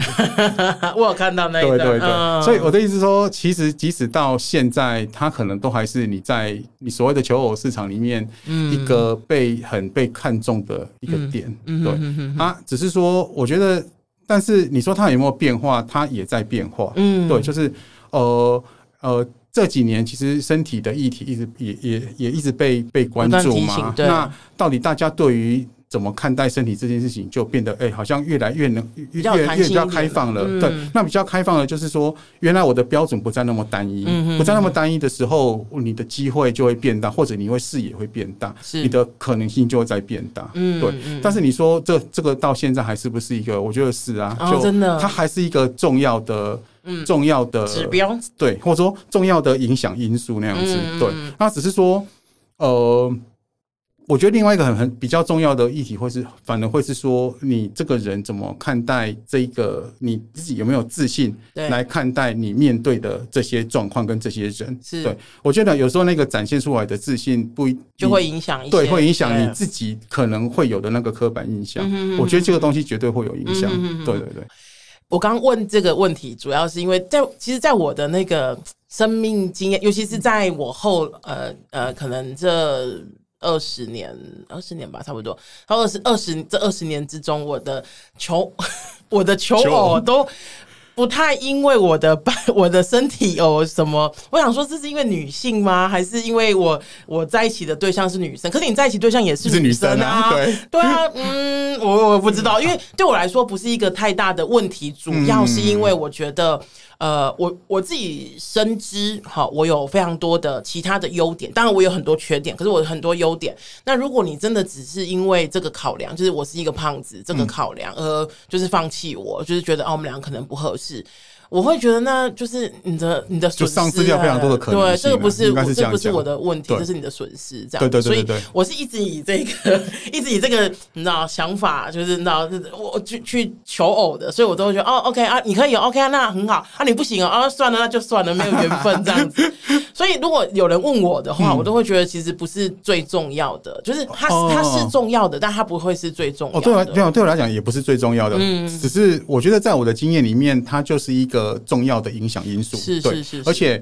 我有看到那個，對對對、對。所以我的意思是說，其實即使到現在，他可能都還是你在你所謂的求偶市場裡面一個被很被看重的一個點。對啊，只是說我覺得，但是你說他有沒有變化？他也在變化。嗯，對，就是呃呃、呃。這幾年其實身體的議題一直也也也一直被被關注嘛。對，那到底大家對於怎麼看待身體這件事情，就變得哎、欸，好像越來越能越比越能比較開放了。嗯、對，那比較開放的就是說原來我的標準不再那麼單一，嗯、哼不再那麼單一的時候，你的機會就會變大，或者你會視野會變大，是你的可能性就會在變大。嗯嗯對。但是你說這這個到現在還是不是一個？我覺得是啊，哦、就真的它還是一個重要的。重要的指標，對，或者說重要的影響因素那樣子，嗯嗯嗯對。那只是說，呃，我覺得另外一個很很比較重要的議題，會是，反而會是說，你這個人怎麼看待這一個，你自己有沒有自信來看待你面對的這些狀況跟這些人？對，對，我覺得有時候那個展現出來的自信不就會影響，對，會影響你自己可能會有的那個刻板印象。嗯嗯嗯嗯，我覺得這個東西絕對會有影響。嗯嗯嗯嗯嗯對對對。我剛問這個問題，主要是因為在其實，在我的那個生命經驗，尤其是在我後呃呃，可能這二十年二十年吧，差不多，到二十二十這二十年之中，我的求我的求偶都。不太因為我的，我的身體有什麼？我想說，這是因為女性嗎？還是因為我我在一起的對象是女生？可是你在一起對象也是女生啊？生啊對對啊，嗯，我我不知道，嗯啊、因為對我來說不是一個太大的問題，主要是因為我覺得。呃，我我自己深知，哈，我有非常多的其他的優點，當然我有很多缺點，可是我有很多優點。那如果你真的只是因為這個考量，就是我是一個胖子，這個考量而，嗯，呃，就是放棄我，就是覺得哦，我們倆可能不合適。我會覺得，那就是你的你的損失，就喪失掉非常多的可能性、啊。對，這個不是我，是這，這不是我的問題，對這是你的損失，這樣子對對，對。所以我是一直以這個， 一直以這個，你知道想法，就是你知道，我去去求偶的，所以我都會覺得，哦，OK 啊，你可以 OK 啊，那很好啊，你不行哦，啊，算了，那就算了，沒有緣分這樣子。 所以如果有人問我的話，我都會覺得其實不是最重要的，嗯、就是它它是重要的，但它不會是最重要的、哦。對我來講，對我來講也不是最重要的，嗯、只是我覺得在我的經驗裡面，它就是一個。呃，重要的影響因素，對，而且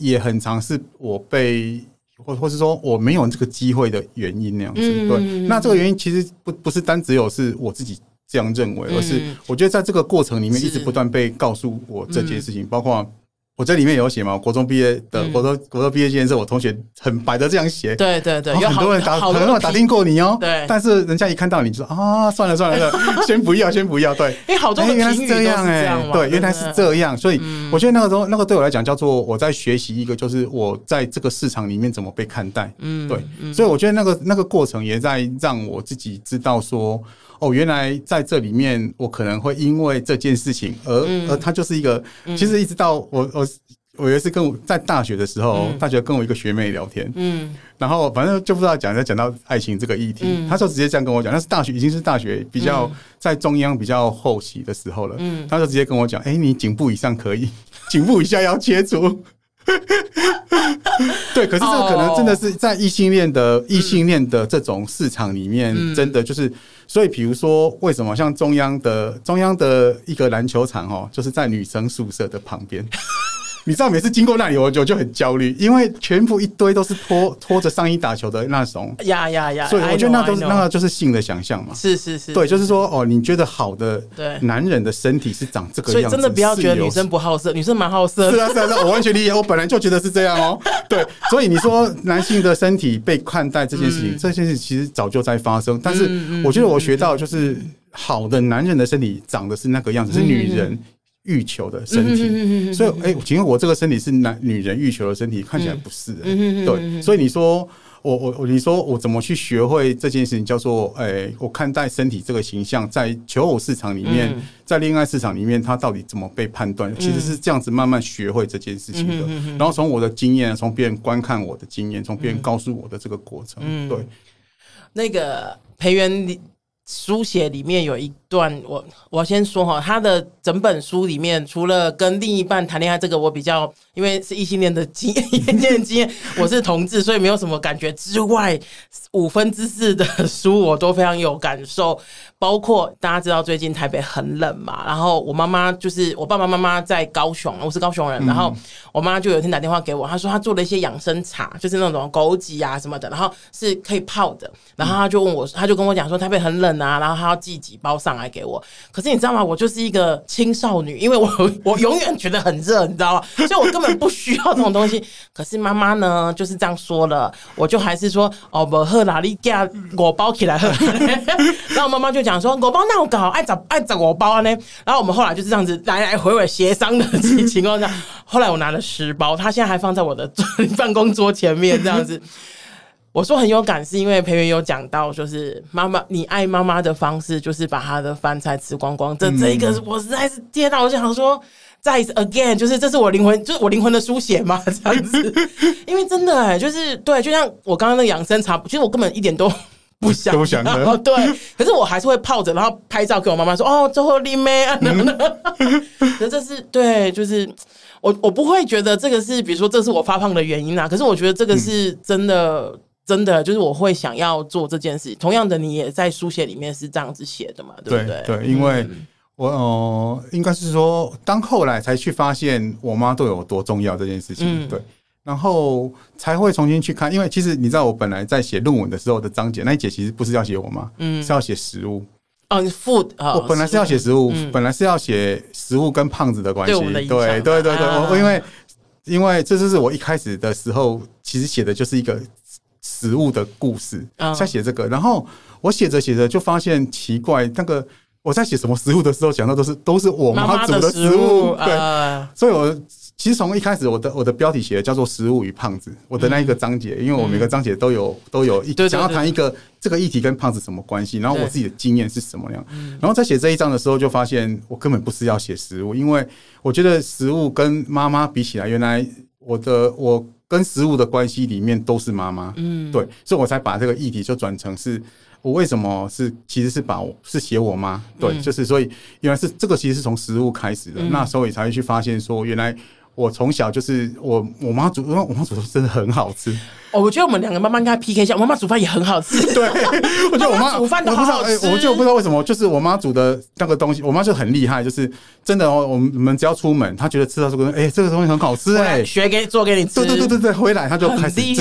也很常是我被，或或是說我沒有這個機會的原因那樣子，對，那這個原因其實不不是單只有是我自己這樣認為，而是我覺得在這個過程裡面一直不斷被告訴我這件事情，包括。我這裡面有寫嘛，國中畢業的，國中國中畢業紀念冊，我同學很白的這樣寫，對對對，很多人打，可能我打聽過你哦，對，但是人家一看到你就說啊，算了算了算了，先不要先不要，對，誒好多的評語都是這樣，對，原來是這樣，所以我覺得那個時候，那個對我來講叫做我在學習一個，就是我在這個市場裡面怎麼被看待，嗯，對，所以我覺得那個那個過程也在讓我自己知道說。哦，原來在這裡面，我可能會因為這件事情而而他就是一個，其實一直到我我我也是跟我在大學的時候，大學跟我一個學妹聊天，嗯，然後反正就不知道講在講到愛情這個議題，他就直接這樣跟我講，那是大學已經是大學比較在中央比較後期的時候了，嗯，他就直接跟我講，哎，你頸部以上可以，頸部以下要切除，對，可是這個可能真的是在異性戀的異性戀的這種市場裡面，真的就是。所以，比如說，為什麼像中央的中央的一個籃球場哦，就是在女生宿舍的旁邊。 你知道每次經過那裡，我就就很焦慮，因為全部一堆都是拖拖着上衣打球的那種，呀呀呀！所以我覺得那都是 I know, I know. 那個就是性的想象嘛。是是是，對，就是說哦，你覺得好的男人的身體是長這個樣子，所以真的不要覺得女生不好色，有女生蠻好色的是、啊。是啊是啊，那我完全理解， 我本來就覺得是這樣哦、喔。對，所以你說男性的身體被看待這件事情，嗯、這件事其實早就在發生，但是我覺得我學到就是好的男人的身體長的是那個樣子，嗯嗯嗯是女人。欲求的身體，所以哎，請問我這個身體是男女人欲求的身體，看起來不是、欸，對，所以你說我我你說我怎麼去學會這件事情？叫做哎，我看待身體這個形象，在求偶市場裡面， 在戀愛市場裡面，它到底怎麼被判斷？其實是這樣子慢慢學會這件事情的。然後從我的經驗，從別人觀看我的經驗，從別人告訴我的這個過程， 對。那個培元。書寫裡面有一段，我我先說哈，他的整本書裡面，除了跟另一半談戀愛這個，我比較因為是異性戀的經驗驗，經驗 我是同志，所以沒有什麼感覺之外，五分之四的書我都非常有感受。包括大家知道最近台北很冷嘛，然後我媽媽就是我爸爸媽媽在高雄，我是高雄人，然後我媽就有一天打電話給我，她說她做了一些養生茶，就是那種枸杞啊什麼的，然後是可以泡的，然後她就問我，她就跟我講說台北很冷啊，然後她要寄幾包上來給我。可是你知道嗎？我就是一個青少女，因為我我永遠覺得很熱，你知道嗎？所以我根本不需要這種東西。 可是媽媽呢就是這樣說了，我就還是說哦，我喝哪裡加我包起來喝。 然後我媽媽就講。想說狗包，那我搞愛找愛找我包呢？然後我們後來就是這樣子來來回回協商的情情況下， 後來我拿了十包，他現在還放在我的辦公桌前面這樣子。 我說很有感，是因為培元有講到，就是媽媽你愛媽媽的方式就是把她的飯菜吃光光。這、嗯、這一個我實在是接到，我就想說，再一次 again，就是這是我靈魂，就是、我靈魂的書寫嘛，這樣子。 因為真的哎、欸，就是對，就像我剛剛那個養生茶，其實我根本一點都。不想的，不想的對， 可是我還是會泡着，然後拍照給我媽媽說：“ 哦，最後你沒、啊。”可、嗯、 這是對，就是我，我不會覺得這個是，比如說，這是我發胖的原因啊。可是我覺得這個是真的，嗯、真的，就是我會想要做這件事。嗯、同樣的，你也在書寫裡面是這樣子寫的嘛？對不對？對，對，因為我哦、呃，應該是說，當後來才去發現我媽對我有多重要這件事情，嗯、對。然後才會重新去看，因為其實你知道，我本來在寫論文的時候的章節那一節其實不是要寫我媽，嗯，是要寫食物哦，food 啊，我本來是要寫食物，本來是要寫食物跟胖子的關係，對對對對，因為因為這就是我一開始的時候，其實寫的就是一個食物的故事，在寫這個，然後我寫着寫着就發現奇怪，那個我在寫什麼食物的時候，想到都是都是我媽煮的食物，對，所以我。其實從一開始，我的我的標題寫的叫做“食物與胖子”，我的那一個章節，因為我每個章節都有都有一想要談一個這個議題跟胖子什麼關係，然後我自己的經驗是什麼樣。然後在寫這一章的時候，就發現我根本不是要寫食物，因為我覺得食物跟媽媽比起來，原來我的我跟食物的關係裡面都是媽媽。嗯，對，所以我才把這個議題就轉成是我為什麼是其實是把我是寫我媽，對，就是所以原來是這個其實是從食物開始的，那時候也才會去發現說原來。我從小就是我，我媽煮，我媽煮的真的很好吃。 哦，我覺得我們兩個媽媽跟她 PK 一下，我媽媽煮飯也很好吃。對，我覺得我媽煮飯都好好吃，我就不、欸、不知道為什麼，就是我媽煮的那個東西，我媽就很厲害，就是真的哦。我們我們只要出門，她覺得吃到這個，東西，哎，這個東西很好吃、欸，誒學給做給你吃，對對對對對，回來她就開始自己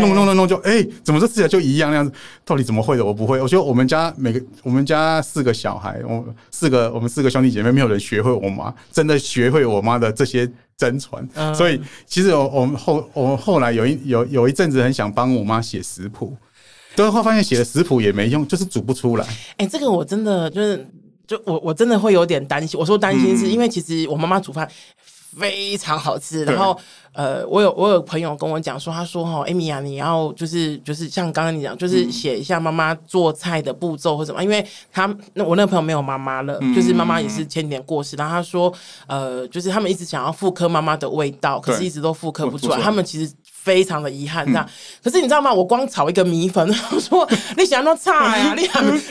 弄弄弄弄，就哎、欸，怎麼這吃起來就一樣那樣子？到底怎麼會的？我不會，我覺得我們家每個我們家四個小孩，我四個我們四個兄弟姐妹，沒有人學會我媽，真的學會我媽的這些真傳。嗯、所以其實我我們後我們後來有一有有一。一陣子很想幫我媽寫食譜，最後發現寫的食譜也沒用，就是煮不出來。哎、欸，這個我真的就是就我我真的會有點擔心。我說擔心是因為其實我媽媽煮飯非常好吃，嗯、然後對呃，我有我有朋友跟我講說，他說哈，艾、欸、米亞你要就是就是像剛剛你講，就是寫一下媽媽做菜的步驟或什麼，嗯、因為他那我那個朋友沒有媽媽了，嗯、就是媽媽也是前幾年過世，然後他說呃，就是他們一直想要復刻媽媽的味道，可是一直都復刻不出來，出他們其實。非常的遺憾吶，可是你知道嗎？我光炒一個米粉，我說，你想要弄菜呀？你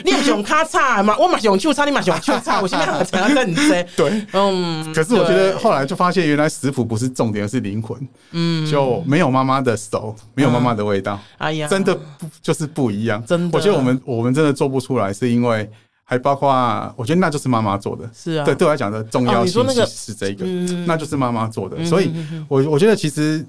你不喜歡叉叉嘛？我蠻喜歡吃菜。你蠻喜歡吃菜。我現在才認真。對，嗯。可是我覺得後來就發現，原來食譜不是重點，是靈魂。嗯，就沒有媽媽的手，沒有媽媽的味道，哎呀，真的不就是不一樣。真的，我覺得我們我們真的做不出來，是因為還包括，我覺得那就是媽媽做的。是啊，對，對我來講的重要性是是這個，那就是媽媽做的。所以，我我覺得其實。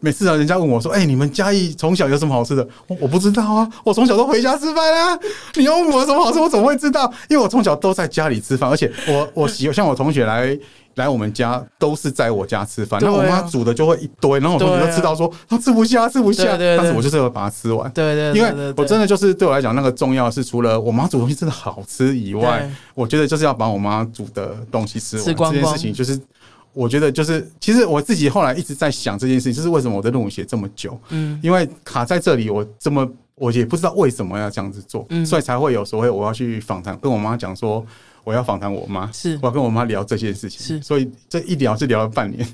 每次啊，人家問我說：“哎、欸，你們家一從小有什麼好吃的？”我，我不知道啊，我從小都回家吃飯啊。你要問我有什麼好吃，我怎麼會知道？因為我從小都在家裡吃飯，而且我我像我同學來 來我們家都是在我家吃飯，那、啊、我媽煮的就會一堆，然後我同學就知道說他、啊啊、吃不下，吃不下。對對對，但是我就是會把它吃完，對對、對、對對，因為我真的就是對我來講，那個重要是除了我媽煮東西真的好吃以外，對我覺得就是要把我媽煮的東西吃完，吃光光這件事情就是。我覺得就是，其實我自己後來一直在想這件事情，就是為什麼我的論文寫這麼久？嗯，因為卡在這裡，我這麼我也不知道為什麼要這樣子做，嗯，所以才會有所謂我要去訪談，跟我媽講說我要訪談我媽，是我要跟我媽聊這件事情，是，所以這一聊是聊了半年，是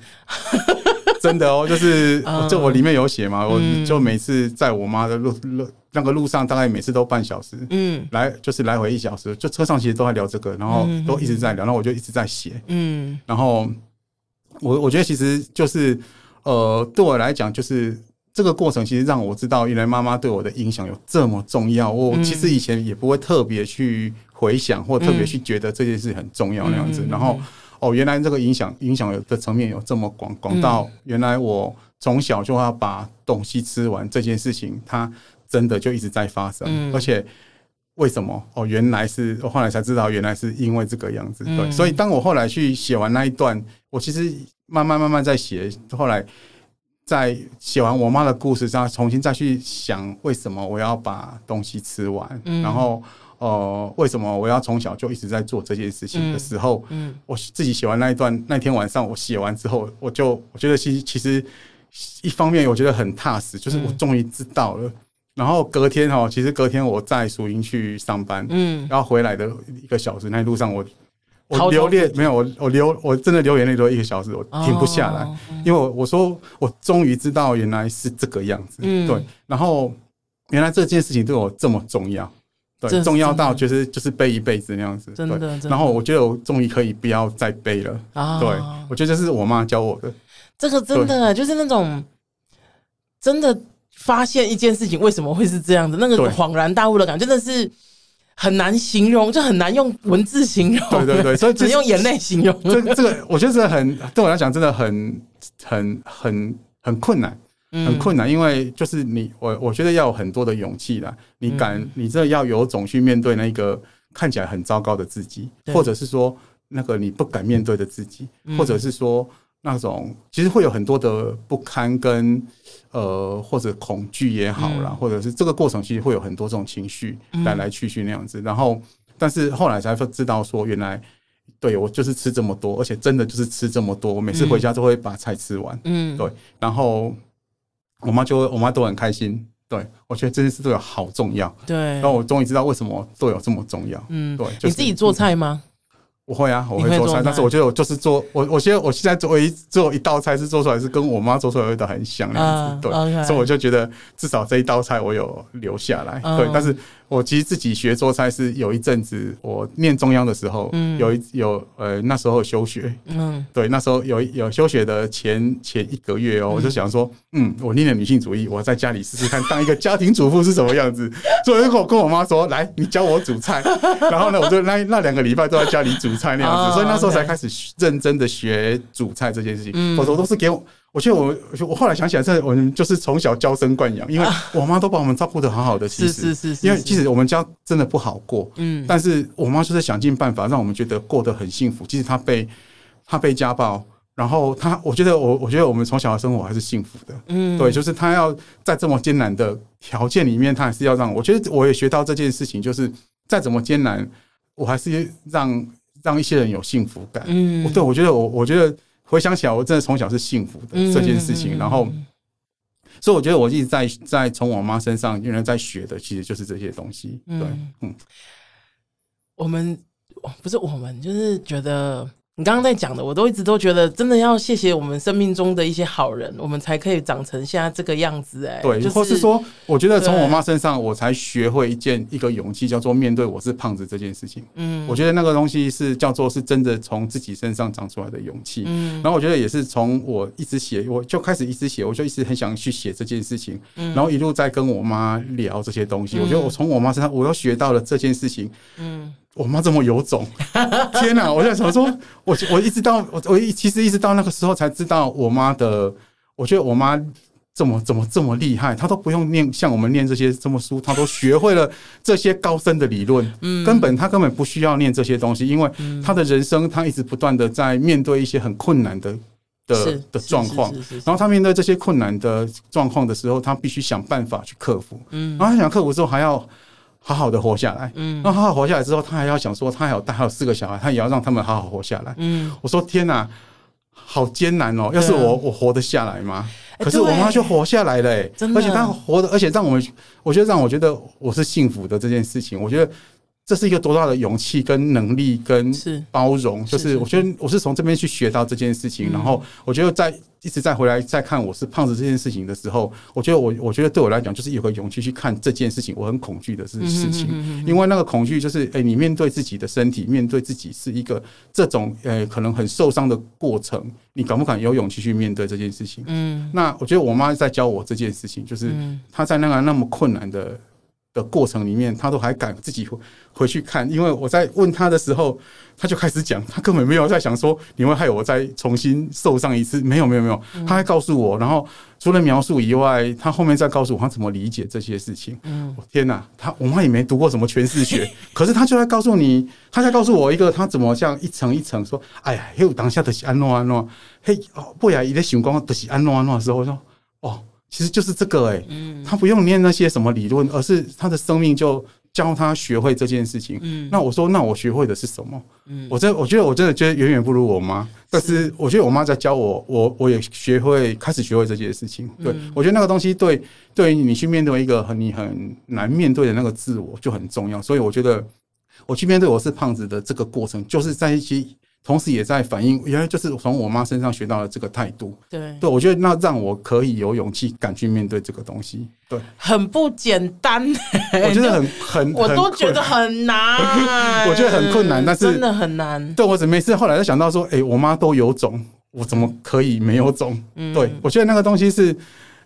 真的哦，就是、嗯、就我裡面有寫嘛，我就每次在我媽的路路那個路上，大概每次都半小時，嗯，來就是來回一小時，就車上其實都在聊這個，然後都一直在聊，嗯、然後我就一直在寫，嗯，然後。我我覺得其實就是，呃，對我來講，就是這個過程，其實讓我知道，原來媽媽對我的影響有這麼重要。我其實以前也不會特別去回想，或特別去覺得這件事很重要那樣子。嗯嗯嗯嗯、然後哦，原來這個影響影響的層面有這麼廣廣到，原來我從小就要把東西吃完這件事情，它真的就一直在發生，嗯、而且。為什麼？哦，原來是，我後來才知道，原來是因為這個樣子。對，嗯、所以當我後來去寫完那一段，我其實慢慢慢慢在寫，後來在寫完我媽的故事上，再重新再去想為什麼我要把東西吃完，嗯、然後哦、呃，為什麼我要從小就一直在做這件事情的時候，嗯嗯、我自己寫完那一段，那天晚上我寫完之後，我就我覺得其實其實一方面我覺得很踏實，就是我終於知道了。嗯然後隔天哈，其實隔天我在蜀營去上班，嗯，然後回來的一個小時，那一路上我我流淚沒有，我我流我真的流眼淚都一個小時，我停不下來，因為我我說我終於知道原來是這個樣子，對，然後原來這件事情對我這麼重要，對，重要到就是就是背一輩子那樣子，對。然後我覺得我終於可以不要再背了啊，對，我覺得這是我媽教我的，這個真的就是那種真的。發現一件事情為什麼會是這樣子，那個恍然大悟的感覺真的是很難形容，對對對，就很難用文字形容。對對對，所以只、就、能、是、用眼淚形容。這這個，我覺得這個很對我來講，真的很很很很困難，嗯、很困難。因為就是你，我我覺得要有很多的勇氣啦，你敢，嗯、你真的要有種去面對那個看起來很糟糕的自己，對或者是說那個你不敢面對的自己，嗯、或者是說。那種其實會有很多的不堪跟呃或者恐懼也好啦，嗯、或者是這個過程其實會有很多這種情緒來來去去那樣子。嗯、然後但是後來才會知道說原來對我就是吃這麼多，而且真的就是吃這麼多，我每次回家都會把菜吃完。嗯，對。然後我媽就我媽都很開心，對我覺得真的是都有好重要。對，然後我終於知道為什麼都有這麼重要。嗯，對，就是、你自己做菜嗎？不會啊，我會做菜，做但是我覺得我就是做我，我現我現在做我一做一道菜是做出來是跟我媽做出來的味道很像的樣子，uh, okay. 對，所以我就覺得至少這一道菜我有留下來，uh. 對，但是。我其實自己學做菜是有一陣子，我念中央的時候有，嗯、有一有呃那時候休學，嗯，對，那時候有有休學的前前一個月哦，嗯、我就想說，嗯，我念了女性主義，我在家裡試試看當一個家庭主婦是什麼樣子，所以我跟我媽說，來，你教我煮菜， 然後呢，我就那那兩個禮拜都在家裡煮菜那樣子，oh, okay. 所以那時候才開始認真的學煮菜這件事情，嗯、我說我都是給我。我覺得我我後來想起來，真我就是從小嬌生慣養，因為我媽都把我們照顧得很好的，其實是因為其實我們家真的不好過，但是我媽就是想盡辦法讓我們覺得過得很幸福。即使她被她被家暴，然後她，我覺得我我覺得我們從小的生活還是幸福的，對，就是她要在這麼艱難的條件裡面，她還是要讓。我覺得我也學到這件事情，就是再怎麼艱難，我還是讓讓一些人有幸福感。對，我覺得我我覺得。回想起來，我真的從小是幸福的這件事情。然後，所以我覺得我一直在在從我媽身上原來在學的，其實就是這些東西。對，嗯，嗯、我們不是我們，就是覺得。你剛剛在講的，我都一直都覺得，真的要謝謝我們生命中的一些好人，我們才可以長成現在這個樣子，欸。哎，對，就是，或是說，我覺得從我媽身上，我才學會一件對一個勇氣，叫做面對我是胖子這件事情。嗯，我覺得那個東西是叫做是真的從自己身上長出來的勇氣。嗯，然後我覺得也是從我一直寫，我就開始一直寫，我就一直很想去寫這件事情。嗯，然後一路在跟我媽聊這些東西，嗯、我覺得我從我媽身上我又學到了這件事情。嗯。我媽這麼有種，天哪！我在想說，我我一直到我我其實一直到那個時候才知道我媽的，我覺得我媽怎麼怎麼這麼厲害，她都不用念像我們念這些這麼書，她都學會了這些高深的理論。嗯，根本她根本不需要念這些東西，因為她的人生她一直不斷的在面對一些很困難的的的狀況，然後她面對這些困難的狀況的時候，她必須想辦法去克服。然後她想克服之後還要。好好的活下來，嗯，那好好活下來之後，他還要想說，他還有還有四個小孩，他也要讓他們好好活下來，嗯。我說天哪，啊，好艱難哦，喔！要是我，啊，我活得下來嗎？欸、可是我媽就活下來了，欸，真的。而且她活的，而且讓我們，我覺得讓我覺得我是幸福的這件事情，我覺得這是一個多大的勇氣、跟能力、跟包容，是就是我覺得我是從這邊去學到這件事情，嗯，然後我覺得在。一直在回來再看我是胖子這件事情的時候，我覺得我我覺得對我來講就是有個勇氣去看這件事情，我很恐懼的是事情，因為那個恐懼就是，誒，你面對自己的身體，面對自己是一個這種，誒，可能很受傷的過程，你敢不敢有勇氣去面對這件事情？嗯，那我覺得我媽在教我這件事情，就是她在那個那麼困難的。的過程裡面，他都還敢自己回去看，因為我在問他的時候，他就開始講，他根本沒有在想說，你會害我再重新受傷一次。沒有，沒有，沒有，他還告訴我，然後除了描述以外，他後面再告訴我他怎麼理解這些事情。我天哪，他我媽也沒讀過什麼詮釋學，可是他就在告訴你，他在告訴我一個他怎麼這樣一層一層說，哎呀，又當下的安諾安諾，嘿哦，不呀，一個眼光得是安諾安諾的時候，我說哦。其實就是這個哎、欸，他不用念那些什麼理論，而是他的生命就教他學會這件事情。那我說，那我學會的是什麼？我這我覺得我真的覺得遠遠不如我媽，但是我覺得我媽在教我，我我也學會開始學會這件事情。對，我覺得那個東西對對你去面對一個很你很難面對的那個自我就很重要，所以我覺得我去面對我是胖子的這個過程，就是在一起。同時也在反映，原來就是從我媽身上學到了這個態度。對，對我覺得那讓我可以有勇氣敢去面對這個東西。對，很不簡單、欸。我覺得很很，我都覺得很難、欸。 我覺得很困難，嗯、但是真的很難。對，我怎每次後來都想到說，哎、欸，我媽都有種，我怎麼可以沒有種？嗯、對我覺得那個東西是。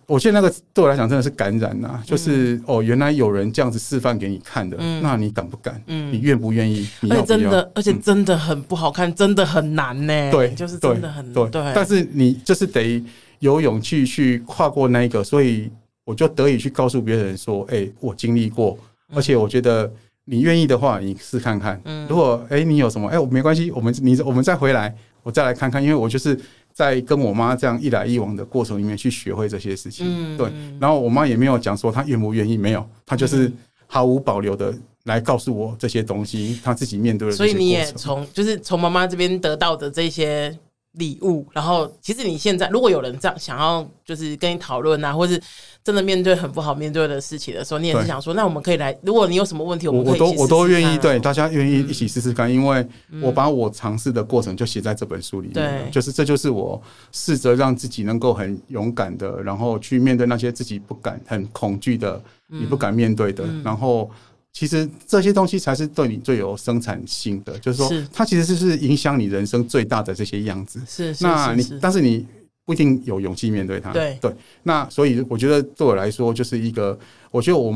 我覺得那個對我來講真的是感染吶，就是哦，原來有人這樣子示範給你看的，那你敢不敢？你願不願意？你要不要？而且真的，而且真的很不好看，真的很難呢。對，就是真的很難。但是你就是得有勇氣去跨過那個，所以我就得以去告訴別人說：“誒我經歷過，而且我覺得你願意的話，你試看看。如果誒你有什麼誒我沒關係，我們你我們再回來，我再來看看，因為我就是。”在跟我媽這樣一來一往的過程裡面去學會這些事情，嗯、對。然後我媽也沒有講說她願不願意，沒有，她就是毫無保留的來告訴我這些東西，她自己面對的。所以你也從就是從媽媽這邊得到的這些。禮物，然後其實你現在，如果有人這樣想要，就是跟你討論啊，或是真的面對很不好面對的事情的時候，你也是想說，對那我們可以來。如果你有什麼問題，我試試我都我都願意對大家願意一起試試看，嗯、因為我把我嘗試的過程就寫在這本書裡面，嗯、就是這就是我試着讓自己能夠很勇敢的，然後去面對那些自己不敢、很恐懼的、你不敢面對的，嗯嗯、然後。其實這些東西才是對你最有生產性的，就是說，它其實是，是影響你人生最大的這些樣子。是，那你是是是，但是你不一定有勇氣面對它。對對。那所以我覺得，對我來說，就是一個，我覺得我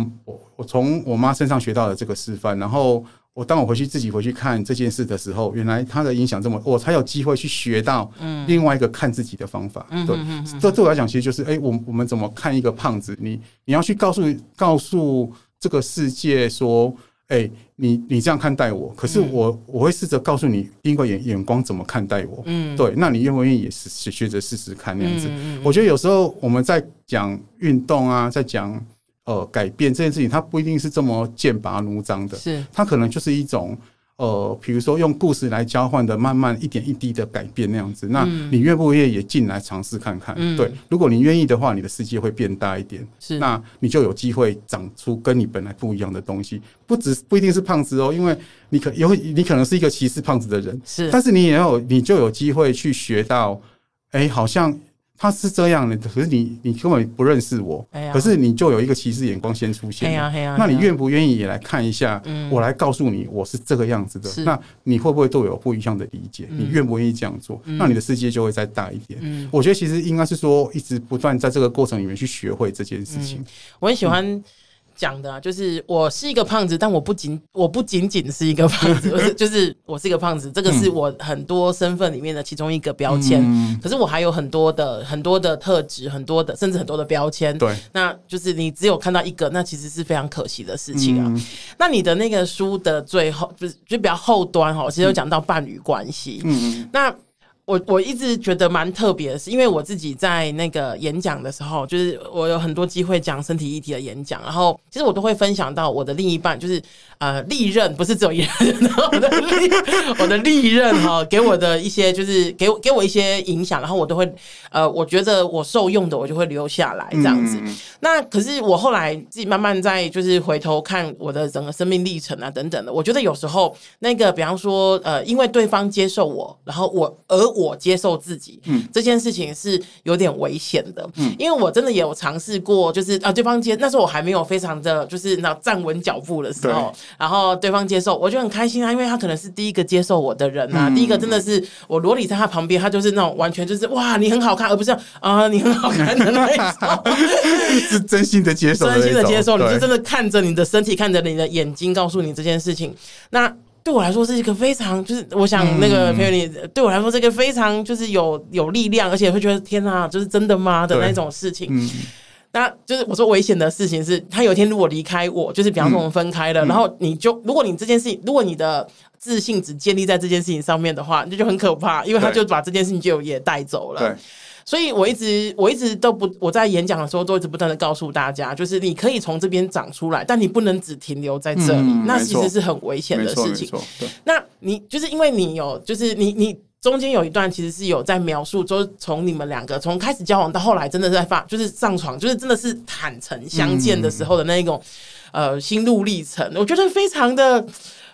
我從我從我媽身上學到了這個示範。然後我當我回去自己回去看這件事的時候，原來它的影響這麼，我才有機會去學到另外一個看自己的方法。嗯對嗯哼哼哼哼對。這對我來講，其實就是，誒、欸、我我們怎麼看一個胖子？你你要去告訴告訴。這個世界說：“哎、欸，你你這樣看待我，可是我、嗯、我會試着告訴你另一個眼眼光怎麼看待我。”嗯，對，那你願不願意也是學着試試看那樣子？嗯嗯、我覺得有時候我們在講運動啊，在講呃改變這件事情，它不一定是這麼劍拔弩張的，是它可能就是一種。呃，比如說用故事來交換的，慢慢一點一滴的改變那樣子，嗯、那你越不越也進來嘗試看看。嗯、對，如果你願意的話，你的世界會變大一點，是，那你就有機會長出跟你本來不一樣的東西，不只不一定是胖子哦，因為你可有，你可能是一個歧視胖子的人，是，但是你也有你就有機會去學到，哎、欸，好像。他是這樣的，可是你你根本不認識我，哎、呀可是你就有一個歧視眼光先出現，哎哎、那你願不願意也來看一下？嗯、我來告訴你，我是這個樣子的，是那你會不會都有不一樣的理解？嗯、你願不願意這樣做？嗯、那你的世界就會再大一點。嗯、我覺得其實應該是說，一直不斷在這個過程裡面去學會這件事情。嗯、我很喜歡、嗯。講的啊，就是我是一個胖子，但我不僅我不僅僅是一個胖子、 就是，就是我是一個胖子，這個是我很多身份裡面的其中一個標籤。嗯、可是我還有很多的很多的特質，很多的甚至很多的標籤。對，那就是你只有看到一個，那其實是非常可惜的事情啊。嗯、那你的那個書的最後，就是就比較後端哈，其實有講到伴侶關係、嗯。嗯嗯，那。我我一直覺得蠻特別的是，因為我自己在那個演講的時候，就是我有很多機會講身體議題的演講，然後其實我都會分享到我的另一半，就是。呃，歷任不是只有一任 我的歷我的歷任。哈，給我的一些就是給我給我一些影響，然後我都會呃，我覺得我受用的，我就會留下來這樣子。嗯、那可是我後來自己慢慢在就是回頭看我的整個生命歷程啊等等的，我覺得有時候那個比方說呃，因為對方接受我，然後我而我接受自己，嗯，這件事情是有點危險的，嗯，因為我真的有嘗試過，就是啊、呃，對方接那時候我還沒有非常的就是那站穩腳步的時候。然後對方接受，我就很開心啊，因為他可能是第一個接受我的人啊，嗯、第一個真的是我裸體在他旁邊，他就是那種完全就是哇，你很好看，而不是啊、呃、你很好看的那種， 是真心的接受的，真心的接受，對你就真的看着你的身體，看着你的眼睛，告訴你這件事情。那對我來說是一個非常，就是我想那個朋友你、嗯、對我來說是一個非常就是有有力量，而且會覺得天哪，就是真的嗎的那種事情。那就是我說危險的事情是，他有一天如果離開我，就是比方說我們分開了，嗯嗯、然後你就如果你這件事情，如果你的自信只建立在這件事情上面的話，那就很可怕，因為他就把這件事情就也帶走了。對，對，所以我一直我一直都不我在演講的時候都一直不斷的告訴大家，就是你可以從這邊長出來，但你不能只停留在這裡，嗯、那其實是很危險的事情。那你就是因為你有，就是你你。中間有一段其實是有在描述，就是從你們兩個從開始交往到後來，真的是在發就是上床，就是真的是坦誠相見的時候的那一種，呃，心路歷程。我覺得非常的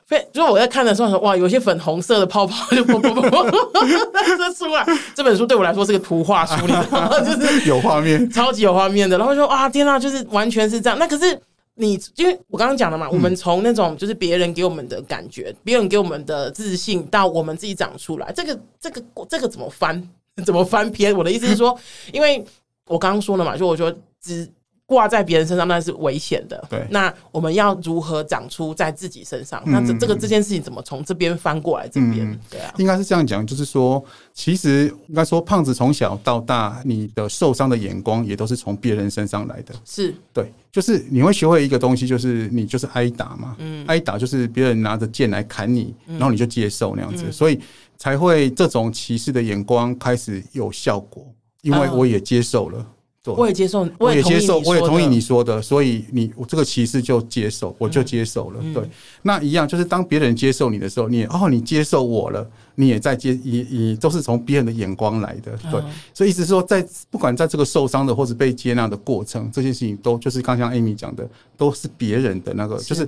非，如果我在看的時候，哇，有些粉紅色的泡泡就不不不不，這本書啊，這本書對我來說是個圖畫書，你知道嗎？就是有畫面，超級有畫面的，然後就說，哇，天啊，就是完全是這樣，那可是你因為我剛剛講了嘛，我們從那種就是別人給我們的感覺，別人給我們的自信，到我們自己長出來，這個這個這個怎麼翻怎麼翻篇？我的意思是說，因為我剛剛說了嘛，就我說只。掛在別人身上，那是危險的。對，那我們要如何長出在自己身上？嗯、那這這個這件事情怎麼從這邊翻過來這邊？嗯、對啊，應該是這樣講，就是說，其實應該說，胖子從小到大，你的受傷的眼光也都是從別人身上來的。是，對，就是你會學會一個東西，就是你就是挨打嘛，嗯、挨打就是別人拿着劍來砍你，嗯、然後你就接受那樣子，嗯、所以才會這種歧視的眼光開始有效果，因為我也接受了。呃對我也接受，我也，我也接受，我也同意你說的，所以你這個歧視就接受，嗯、我就接受了。對，嗯、那一樣就是當別人接受你的時候，你哦，你接受我了，你也在接，也也都是從別人的眼光來的。對，嗯、所以意思是說，在不管在這個受傷的或者被接納的過程，這些事情都就是剛剛像 Amy 講的，都是別人的那個，是就是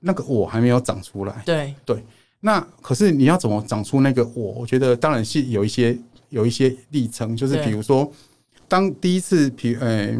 那個我還沒有長出來。對對，那可是你要怎麼長出那個我？我覺得當然是有一些有一些歷程，就是比如說。當第一次，皮、欸、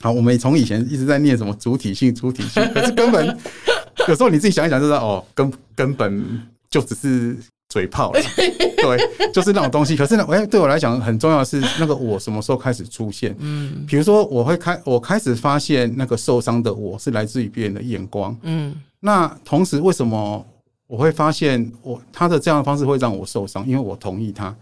誒，好，我們從以前一直在念什麼主體性、主體性，可是根本 有時候你自己想一想就知道，就知道哦，根根本就只是嘴炮了， 對，就是那種東西。可是呢，哎，對我來講很重要的是那個我什麼時候開始出現？嗯，比如說我會開，我開始發現那個受傷的我是來自於別人的眼光，嗯。那同時，為什麼我會發現我他的這樣的方式會讓我受傷？因為我同意他，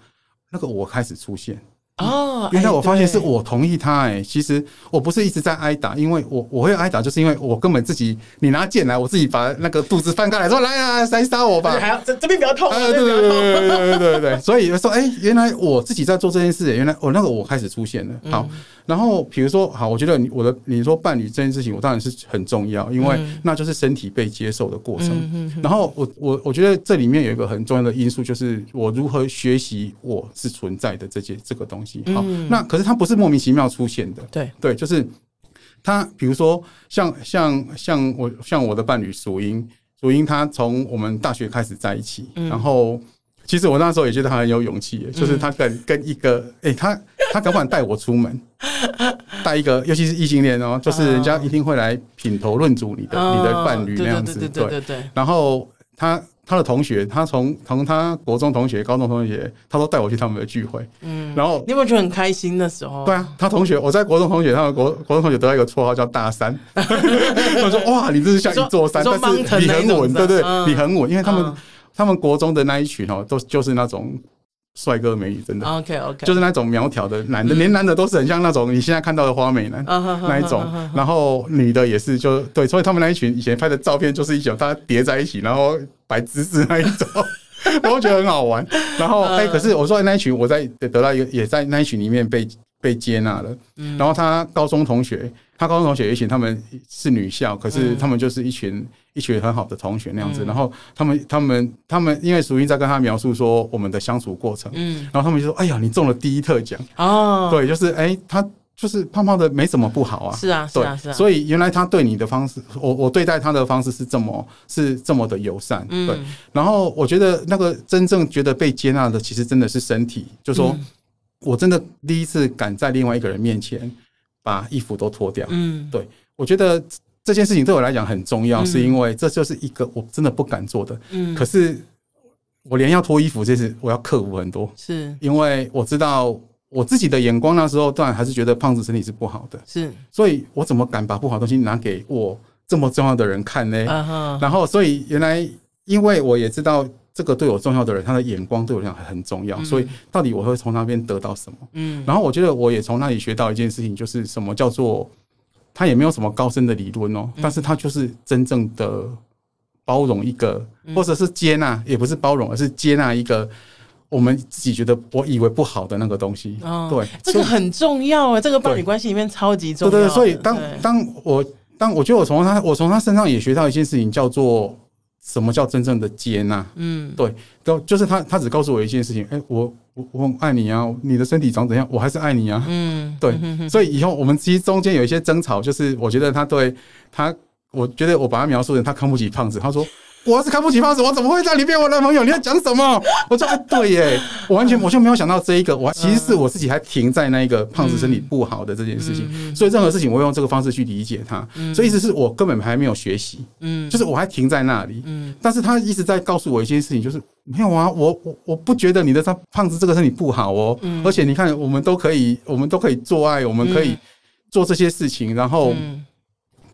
那個我開始出現。哦，原來我發現是我同意他，哎、欸，其實我不是一直在挨打。因為我我會挨打，就是因為我根本自己，你拿劍來，我自己把那個肚子翻開來，說，來來來，誰殺我吧，這邊比較痛、啊啊、對對對對對對對，對， 所以說，哎，原來我自己在做這件事、欸，原來我那個我開始出現了，好。嗯然後，比如說，好，我覺得你我的你說伴侶這件事情，我當然是很重要，因為那就是身體被接受的過程。嗯、然後我，我我我覺得這裡面有一個很重要的因素，就是我如何學習我是存在的這些這個東西。好，嗯、那可是它不是莫名其妙出現的。對、嗯、對，就是他，比如說像像像我像我的伴侶蘇英，蘇英他從我們大學開始在一起，嗯、然後其實我那時候也覺得他很有勇氣，就是他敢跟、嗯、跟一個誒他他敢不敢帶我出門。 帶一個，尤其是異性戀哦，就是人家一定會來品頭論足你的、你的伴侶那樣子。對對對對對。然後他他的同學，他從從他國中同學、高中同學，他都帶我去他們的聚會。嗯。然後你有沒有覺得很開心的時候？對啊，他同學，我在國中同學，他們國國中同學得到一個綽號叫“大山”。我說哇，你真是像一座山，但是你很穩，對對？你很穩，因為他們他們國中的那一群哦，都就是那種。帥哥美女真的，OK OK，就是那種苗條的男的，連男的都是很像那種你現在看到的花美男那一種，嗯、然後女的也是就，就對，所以他們那一群以前拍的照片就是一種，大家疊在一起，然後擺姿勢那一種， 我覺得很好玩，然後哎、 嗯欸，可是我說的那一群，我在得，得到一個，也在那一群裡面被。被接納了，嗯，然後他高中同學，他高中同學也許他們是女校，可是他們就是一群、嗯、一群很好的同學那樣子。嗯、然後他們，他們，他們，因為淑英在跟他描述說我們的相處過程，嗯，然後他們就說：“哎呀，你中了第一特獎哦。”對，就是哎、欸，他就是胖胖的，沒什麼不好啊，嗯、對是啊，啊，是啊。所以原來他對你的方式，我我對待他的方式是這麼是這麼的友善，嗯、對。然後我覺得那個真正覺得被接納的，其實真的是身體，嗯、就說。我真的第一次敢在另外一個人面前把衣服都脫掉。嗯，對，我覺得這件事情對我來講很重要，嗯、是因為這就是一個我真的不敢做的。嗯，可是我連要脫衣服，這事我要克服很多，是因為我知道我自己的眼光那時候當然還是覺得胖子身體是不好的，是，所以我怎麼敢把不好的東西拿給我這麼重要的人看呢？啊哈然後，所以原來因為我也知道。這個對我重要的人，他的眼光對我來講很重要，嗯、所以到底我會從那邊得到什麼？嗯，然後我覺得我也從那裡學到一件事情，就是什麼叫做他也沒有什麼高深的理論哦，嗯、但是他就是真正的包容一個，嗯、或者是接納，也不是包容，而是接納一個我們自己覺得我以為不好的那個東西。哦、對，這個很重要啊，這個伴侶關係裡面超級重要。對，對，對，所以當對 當我對 當我覺得我從他，我從他身上也學到一件事情，叫做。什麼叫真正的接納？嗯，對，都就是他，他只告訴我一件事情，哎、欸，我我我很愛你啊，你的身體長怎樣，我還是愛你啊，嗯，對，所以以後我們其實中間有一些爭吵，就是我覺得他對他，我覺得我把他描述成他看不起胖子，他說。我是看不起胖子，我怎麼會在裡面我男朋友？你要講什麼？ 我說對耶，我完全我就沒有想到這一個，我其實是我自己還停在那一個胖子身體不好的這件事情，嗯嗯嗯、所以任何事情我用這個方式去理解他，所以意思是我根本還沒有學習，嗯、就是我還停在那裡，嗯嗯、但是他一直在告訴我一件事情，就是沒有啊，我我我不覺得你的他胖子這個身體不好哦，嗯、而且你看我們都可以，我們都可以做愛，我們可以做這些事情，然後。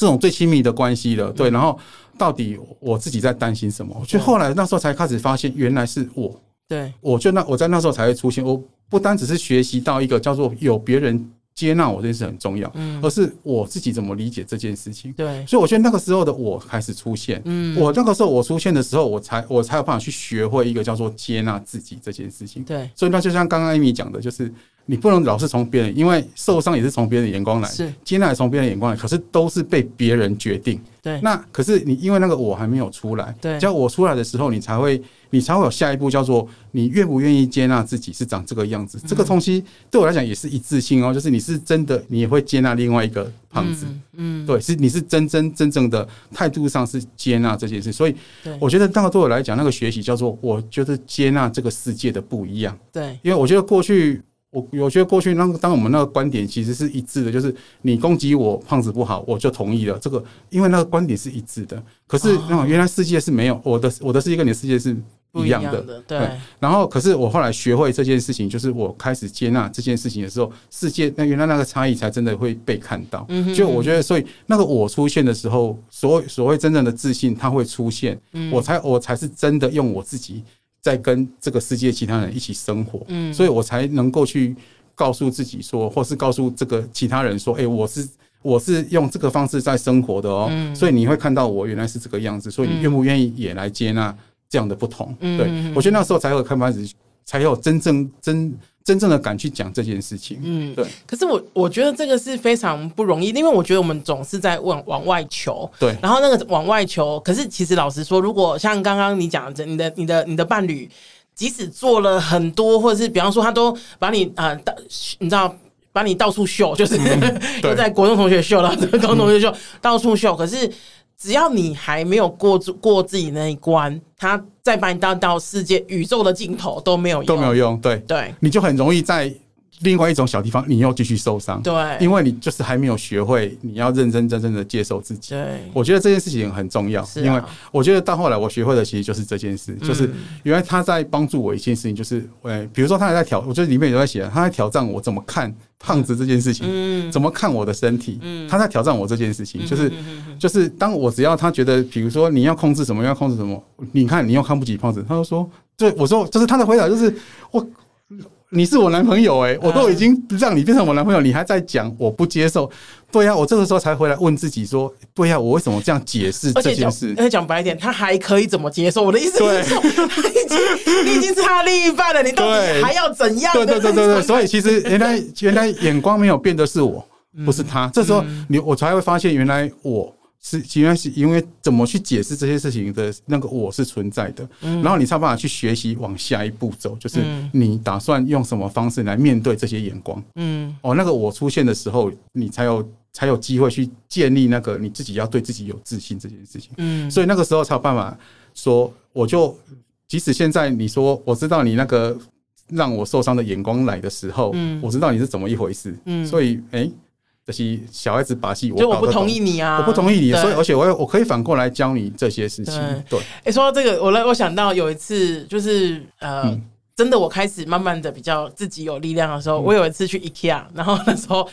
這種最親密的關係了，對。然後，到底我自己在擔心什麼？就後來那時候才開始發現，原來是我。對，我就那我在那時候才會出現。我不單只是學習到一個叫做有別人接納我這件事很重要，嗯，而是我自己怎麼理解這件事情。對，所以我覺得那個時候的我開始出現。嗯，我那個時候我出現的時候，我才我才有辦法去學會一個叫做接納自己這件事情。對，所以那就像剛剛 Amy 講的，就是。你不能老是從別人，因為受傷也是從別人的眼光來，是接納也從別人的眼光來，可是都是被別人決定。對，那可是你因為那個我還沒有出來，對，只要我出來的時候，你才會，你才會有下一步叫做你願不願意接納自己是長這個樣子。嗯、這個東西對我來講也是一致性哦、喔，就是你是真的，你也會接納另外一個胖子，嗯，嗯嗯對，是你是真真真正的態度上是接納這件事。所以我覺得那個對我來講，那個學習叫做，我覺得接納這個世界的不一樣。對，因為我覺得過去。我我覺得過去那當我們那個觀點其實是一致的，就是你攻擊我胖子不好，我就同意了。這個因為那個觀點是一致的，可是那原來世界是沒有我的，我的世界跟你的世界是不一樣的。對。然後，可是我後來學會這件事情，就是我開始接納這件事情的時候，世界那原來那個差異才真的會被看到。就我覺得，所以那個我出現的時候，所謂所謂真正的自信，它會出現。嗯。我才我才是真的用我自己。在跟這個世界其他人一起生活，所以我才能夠去告訴自己說，或是告訴這個其他人說，哎，我是我是用這個方式在生活的哦、喔，所以你會看到我原來是這個樣子，所以你願不願意也來接納這樣的不同、嗯？對，我覺得那時候才有辦法，才有真正真。真正的敢去講這件事情，嗯，對。可是我我覺得這個是非常不容易，因為我覺得我們總是在往往外求，對。然後那個往外求，可是其實老實說，如果像剛剛你講的，你的、你的、你的伴侶，即使做了很多，或者是比方說他都把你啊、呃，你知道把你到處秀，就是、嗯、在國中同學秀了，高中同學秀、嗯、到處秀，可是只要你還沒有過過自己那一關，他。再把你當到世界宇宙的盡頭都沒有用，都沒有用，對對，你就很容易在。另外一種小地方，你又繼續受傷。對，因為你就是還沒有學會，你要認認真真的接受自己。對我覺得這件事情很重要，是啊、因為我覺得到後來我學會的其實就是這件事，嗯、就是原來他在幫助我一件事情，就是，誒、嗯，比如說他還在挑，我覺得裡面有在寫，他在挑戰我怎麼看胖子這件事情，嗯、怎麼看我的身體，嗯、他在挑戰我這件事情，嗯、就是，嗯、就是當我只要他覺得，比如說你要控制什麼，要控制什麼，你看你又看不起胖子，他就說，對，我說，就是他的回答就是我。你是我男朋友哎、欸，我都已經讓你變成我男朋友，你還在講我不接受？對呀、啊，我這個時候才回來問自己說，對呀、啊，我為什麼這樣解釋這件事？再講白一點，他還可以怎麼接受？我的意思是對 說，他已經 你已經是他的另一半了，你到底還要怎樣呢？對對對對對。所以其實原來原來眼光沒有變的是我，不是他。嗯、這時候你我才會發現，原來我。是，因為是因為怎麼去解釋這些事情的那個我是存在的，然後你才有辦法去學習往下一步走，就是你打算用什麼方式來面對這些眼光，嗯，哦，那個我出現的時候，你才有才有機會去建立那個你自己要對自己有自信這件事情，嗯，所以那個時候才有辦法說，我就即使現在你說我知道你那個讓我受傷的眼光來的時候，我知道你是怎麼一回事，嗯，所以哎、欸。這些小孩子把戲，我不同意你啊，我不同意你，對，所以而且我我可以反過來教你這些事情。對，誒，說到這個，我來，我想到有一次，就是呃，嗯、真的，我開始慢慢的比較自己有力量的時候，我有一次去 IKEA，然後那時候。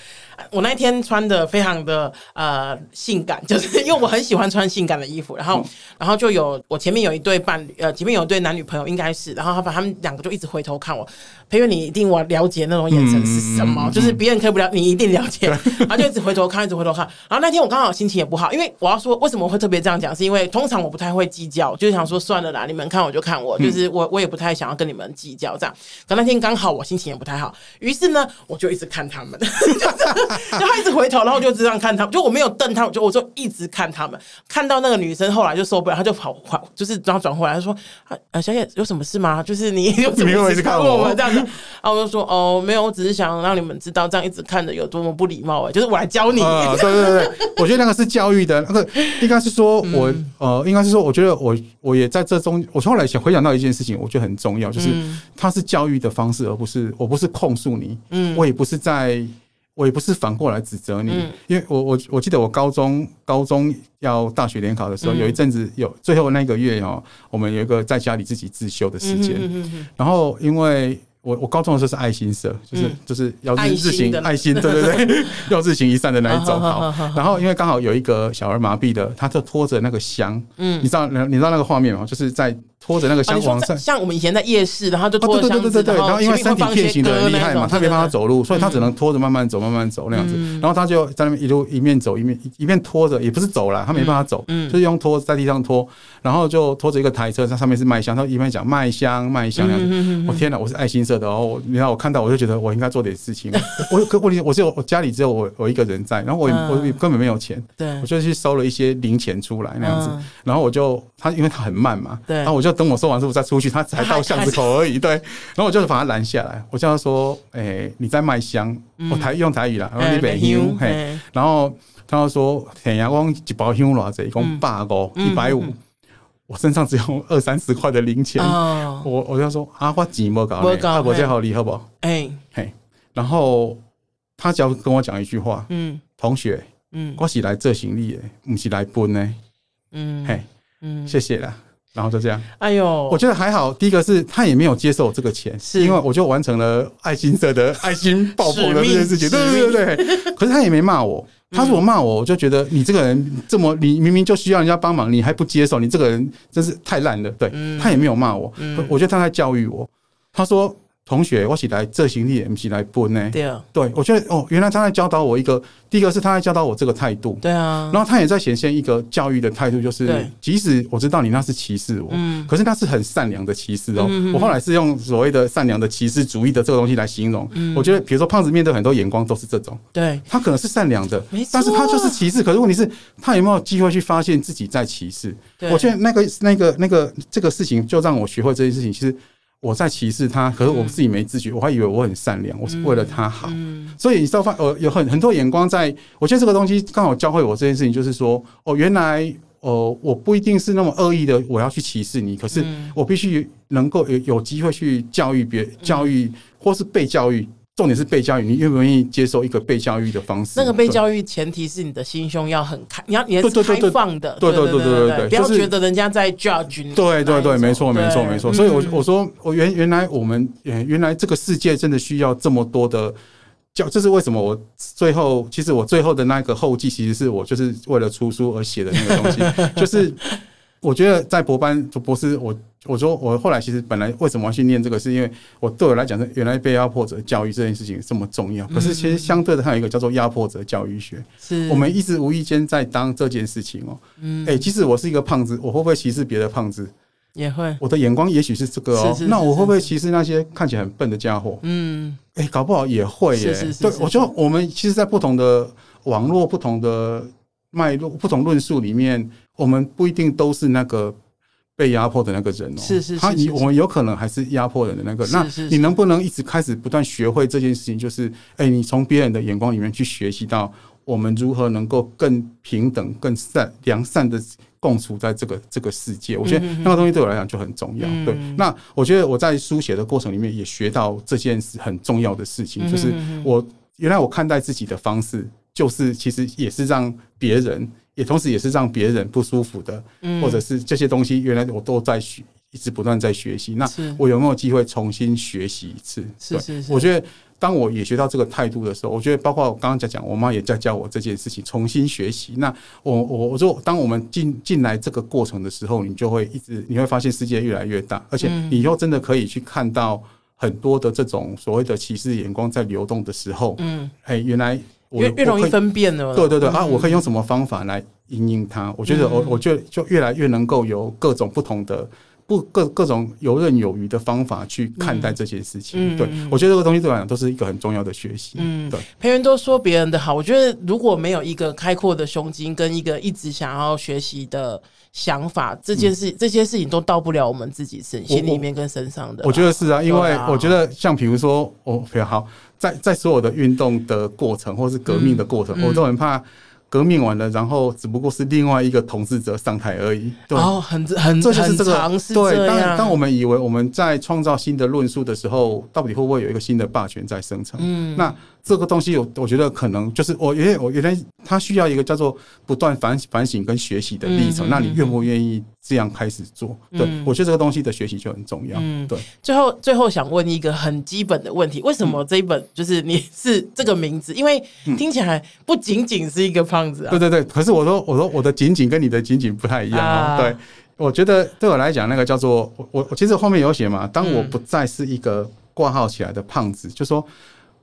我那一天穿的非常的呃性感，就是因為我很喜歡穿性感的衣服。然後，嗯、然後就有我前面有一對伴侶，呃，前面有一對男女朋友應該是。然後，他把他們兩個就一直回頭看我。培元、嗯，你一定我了解那種眼神是什麼，嗯、就是別人可以不了，嗯、你一定了解。然後就一直回頭看，一直回頭看。然後那天我剛好心情也不好，因為我要說為什麼會特別這樣講，是因為通常我不太會計較，就是、想說算了啦，你們看我就看我，就是我我也不太想要跟你們計較這樣。可、嗯、那天剛好我心情也不太好，於是呢，我就一直看他們。就是嗯就他一直回頭，然後就這樣看他們，就我沒有瞪他們，就我就一直看他們，看到那個女生後來就受不了，他就跑，就是讓他轉回來，他說：“啊、小姐有什麼事嗎？就是你為怎麼事你沒有一直看我？這樣子。然後我就說：“哦，沒有，我只是想讓你們知道，這樣一直看着有多麼不禮貌哎，就是我來教你。啊”對對對， 我覺得那個是教育的那個，應該是說我，我、嗯、呃，應該是說，我覺得我我也在這中，我後來想回想到一件事情，我覺得很重要，就是它是教育的方式，而不是我不是控訴你，嗯，我也不是在。我也不是反過來指責你，嗯、因為我我我記得我高中高中要大學聯考的時候，有一陣子有、嗯、最後那個月哦、喔，我們有一個在家裡自己自修的時間，嗯嗯嗯嗯、然後因為我我高中的時候是愛心社，就是、嗯、就是要日行愛心,愛心對對對， 要日行一善的那一種，好好好好好然後因為剛好有一個小兒麻痹的，他就拖着那個箱，嗯、你知道你知道那個畫面嗎？就是在。拖着那個香，像像我們以前在夜市，然後就拖着對。然後因為身體變形的很厲害嘛，他沒辦法走路，所以他只能拖着慢慢走，慢慢走那樣子。然後他就在那邊一路一面走一面一面拖着，也不是走啦，他沒辦法走，就是用拖在地上拖，然後就拖着一個台車，他上面是賣香，他一面講賣香賣香，我天哪，我是愛心社的哦，你看我看到我就覺得我應該做點事情，我可我我只有家裡只有我我一個人在，然後我我根本沒有錢，對，我就去收了一些零錢出來那樣子，然後我就他因為他很慢嘛，然後我就。等我說完之後再出去，他才到巷子口而已。對，然後我就是把他攔下來，我叫他說：“哎，你在賣香？”我台用台語啦，然後一百五。嘿，然後他就說：“天陽我一包香多少錢，一共八包，一百五。”我身上只有二三十塊的零錢，我我就說：“啊，我錢不夠，”阿伯你好，你好不？哎嘿，然後他只要跟我講一句話：“嗯，同學，嗯，我是來做行李的，不是來搬的。”嗯嘿，嗯，謝謝啦。然後就這樣，哎呦，我覺得還好。第一個是他也沒有接受我這個錢，是因為我就完成了愛心社的愛心爆棚的這件事情，對對對、對。可是他也沒罵我，他如果罵我，我就覺得你這個人這麼，你明明就需要人家幫忙，你還不接受，你這個人真是太爛了。對他也沒有罵我，我覺得他在教育我，他說。同學，我起來這行李，我起來搬呢、欸。對啊對，對我覺得哦，原來他在教導我一個，第一個是他在教導我這個態度。對啊，然後他也在顯現一個教育的態度，就是對即使我知道你那是歧視我，嗯、可是那是很善良的歧視哦。嗯、哼我後來是用所謂的善良的歧視主義的這個東西來形容。嗯、我覺得譬如說胖子面對很多眼光都是這種，對他可能是善良的，沒錯、啊，但是他就是歧視。可是問題是，他有沒有機會去發現自己在歧視？對我覺得那個那個那個這個事情，就讓我學會這件事情，其實。我在歧視他，可是我自己沒自覺，嗯、我還以為我很善良，我是為了他好。嗯嗯、所以你知道，發有很很多眼光在。我覺得這個東西剛好教會我這件事情，就是說，哦，原來，呃、哦，我不一定是那麼惡意的，我要去歧視你，可是我必須能夠有有機會去教育別，教育，或是被教育。重點是被教育，你願不願意接受一個被教育的方式？那個被教育前提是你的心胸要很開，你要你是開放的。對對對對，對對對對對，對，對不要覺得人家在 judge 你。對，對對對，就是、沒錯沒錯沒錯。對，所以我說，我我說我原原來我們原來這個世界真的需要這麼多的教，這、就是為什麼？我最後其實我最後的那個後記，其實是我就是為了出書而寫的那個東西， 就是我覺得在博班博士我。我說，我後來其實本來為什麼要去念這個，是因為我對我來講，是原來被壓迫者教育這件事情這麼重要。可是其實相對的，還有一個叫做壓迫者教育學，是我們一直無意間在當這件事情哦。嗯，欸，即使我是一個胖子，我會不會歧視別的胖子？也會。我的眼光也許是這個哦、喔，那我會不會歧視那些看起來很笨的家伙？嗯，欸，搞不好也會耶、欸。對，我覺得我們其實，在不同的網絡、不同的脈絡、不同論述，述裡面，我們不一定都是那個。被壓迫的那個人哦、喔，是是是，是，他以我們有可能還是壓迫人的那個，那你能不能一直開始不斷學會這件事情？就是，誒，你從別人的眼光裡面去學習到，我們如何能夠更平等、更善良善的共處在這個這個世界？我覺得那個東西對我來講就很重要。對，那我覺得我在書寫的過程裡面也學到這件事很重要的事情，就是我原來我看待自己的方式，就是其實也是讓別人。也同時也是讓別人不舒服的，或者是這些東西，原來我都在學，一直不斷在學習。那我有沒有機會重新學習一次？是是是。我覺得當我也學到這個態度的時候，我覺得包括我剛剛講講，我媽也在教我這件事情，重新學習。那我我我說，當我們進進來這個過程的時候，你就會一直你會發現世界越來越大，而且你以後真的可以去看到很多的這種所謂的歧視眼光在流動的時候，嗯，誒，原來。越我越容易分辨了，對對對、嗯、啊！我可以用什麼方法來因應它？嗯、我覺得我，我覺得就越來越能夠有各種不同的不各各種游刃有餘的方法去看待這些事情。嗯、對、嗯、我覺得這個東西對我來講都是一個很重要的學習。嗯，對，培元都說別人的好，我覺得如果沒有一個開闊的胸襟跟一個一直想要學習的想法，這件事、嗯、這些事情都到不了我們自己身心裡面跟身上的。我，我覺得是啊，啊因為我覺得像比如說，哦，好。在在所有的運動的過程，或是革命的過程，嗯、我都很怕革命完了，然後只不過是另外一個統治者上台而已。然後、哦、很很這就是這個是這對。當當我們以為我們在創造新的論述的時候，到底會不會有一個新的霸權在生成？嗯，那。這個東西有，我覺得可能就是我原來我原來他需要一個叫做不斷反省、反省跟學習的歷程。嗯嗯嗯、那你願不願意這樣開始做？嗯、對，我覺得這個東西的學習就很重要。嗯、對，最後最後想問一個很基本的問題：為什麼這一本就是你是這個名字？嗯、因為聽起來不僅僅是一個胖子、啊嗯。對對對，可是我說我說我的僅僅跟你的僅僅不太一樣、啊啊、對，我覺得對我來講，那個叫做我我其實後面有寫嘛，當我不再是一個掛號起來的胖子，嗯、就說。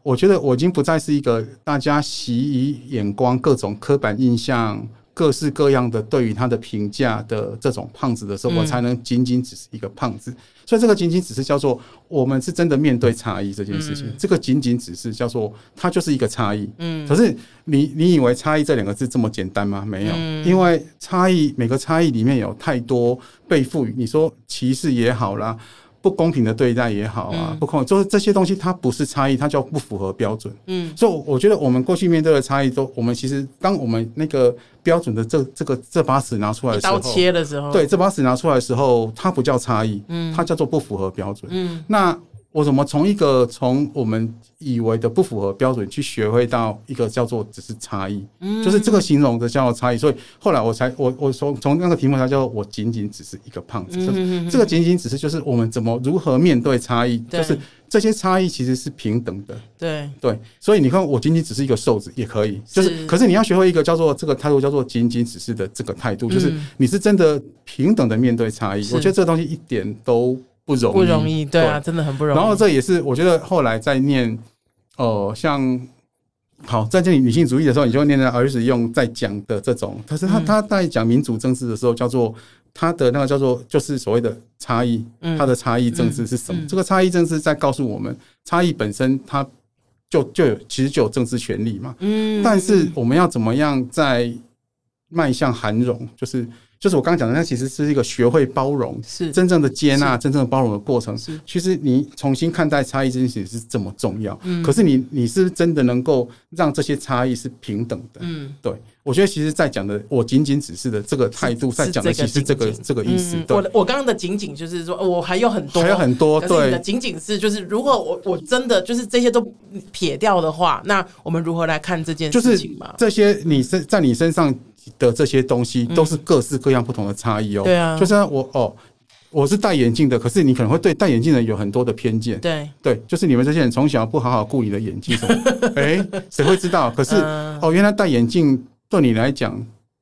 我覺得我已經不再是一個大家習以眼光、各種刻板印象、各式各樣的對於他的評價的這種胖子的時候，我才能僅僅只是一個胖子。所以這個僅僅只是叫做我們是真的面對差異這件事情。這個僅僅只是叫做它就是一個差異。嗯，可是你你以為差異這兩個字這麼簡單嗎？沒有，因為差異每個差異裡面有太多被賦予。你說歧視也好啦。不公平的對待也好啊，嗯、不公就是這些東西，它不是差異，它叫不符合標準。嗯，所以我覺得我們過去面對的差異，都我們其實當我們那個標準的這這個這把尺拿出來的時候，一刀切的時候，對這把尺拿出來的時候，它不叫差異，嗯，它叫做不符合標準。嗯，嗯那。我怎麼從一個從我們以為的不符合標準去學會到一個叫做只是差異，就是這個形容的叫做差異。所以後來我才我我從從那個題目上叫我僅僅只是一個胖子，這個僅僅只是就是我們怎麼如何面對差異，就是這些差異其實是平等的。對對，所以你看我僅僅只是一個瘦子也可以，就是可是你要學會一個叫做這個態度，叫做僅僅只是的這個態度，就是你是真的平等的面對差異。我覺得這東西一點都不容易，不容易，對啊，對真的很不容易。然後這也是我覺得後來在念哦、呃，像好在這裡女性主義的時候，你就念在兒子用在講的這種，可是他、嗯、他在講民主政治的時候，叫做他的那個叫做就是所謂的差異，他的差異政治是什麼？嗯嗯嗯、這個差異政治在告訴我們，差異本身它就就有其實就有政治權利嘛。嗯、但是我們要怎麼樣在邁向涵容，就是。就是我剛剛講的，那其實是一個學會包容，是真正的接納，真正的包容的過程。是，其實你重新看待差異這件事情是這麼重要。嗯，可是你你是真的能夠讓這些差異是平等的？嗯，對。我覺得其實，在講的，我僅僅只是的這個態度，在講的其實這個這個意思。對，我我剛剛的僅僅就是說，我還有很多還有很多對，僅僅是就是如果我我真的就是這些都撇掉的話，那我們如何來看這件事情嘛？就是這些你身在你身上的這些東西都是各式各樣不同的差異哦、嗯。對啊，就是我哦，我是戴眼鏡的，可是你可能會對戴眼鏡的人有很多的偏見。對對，就是你們這些人從小不好好顧你的眼睛。誒、 欸，誰會知道？可是、嗯、哦，原來戴眼鏡對你來講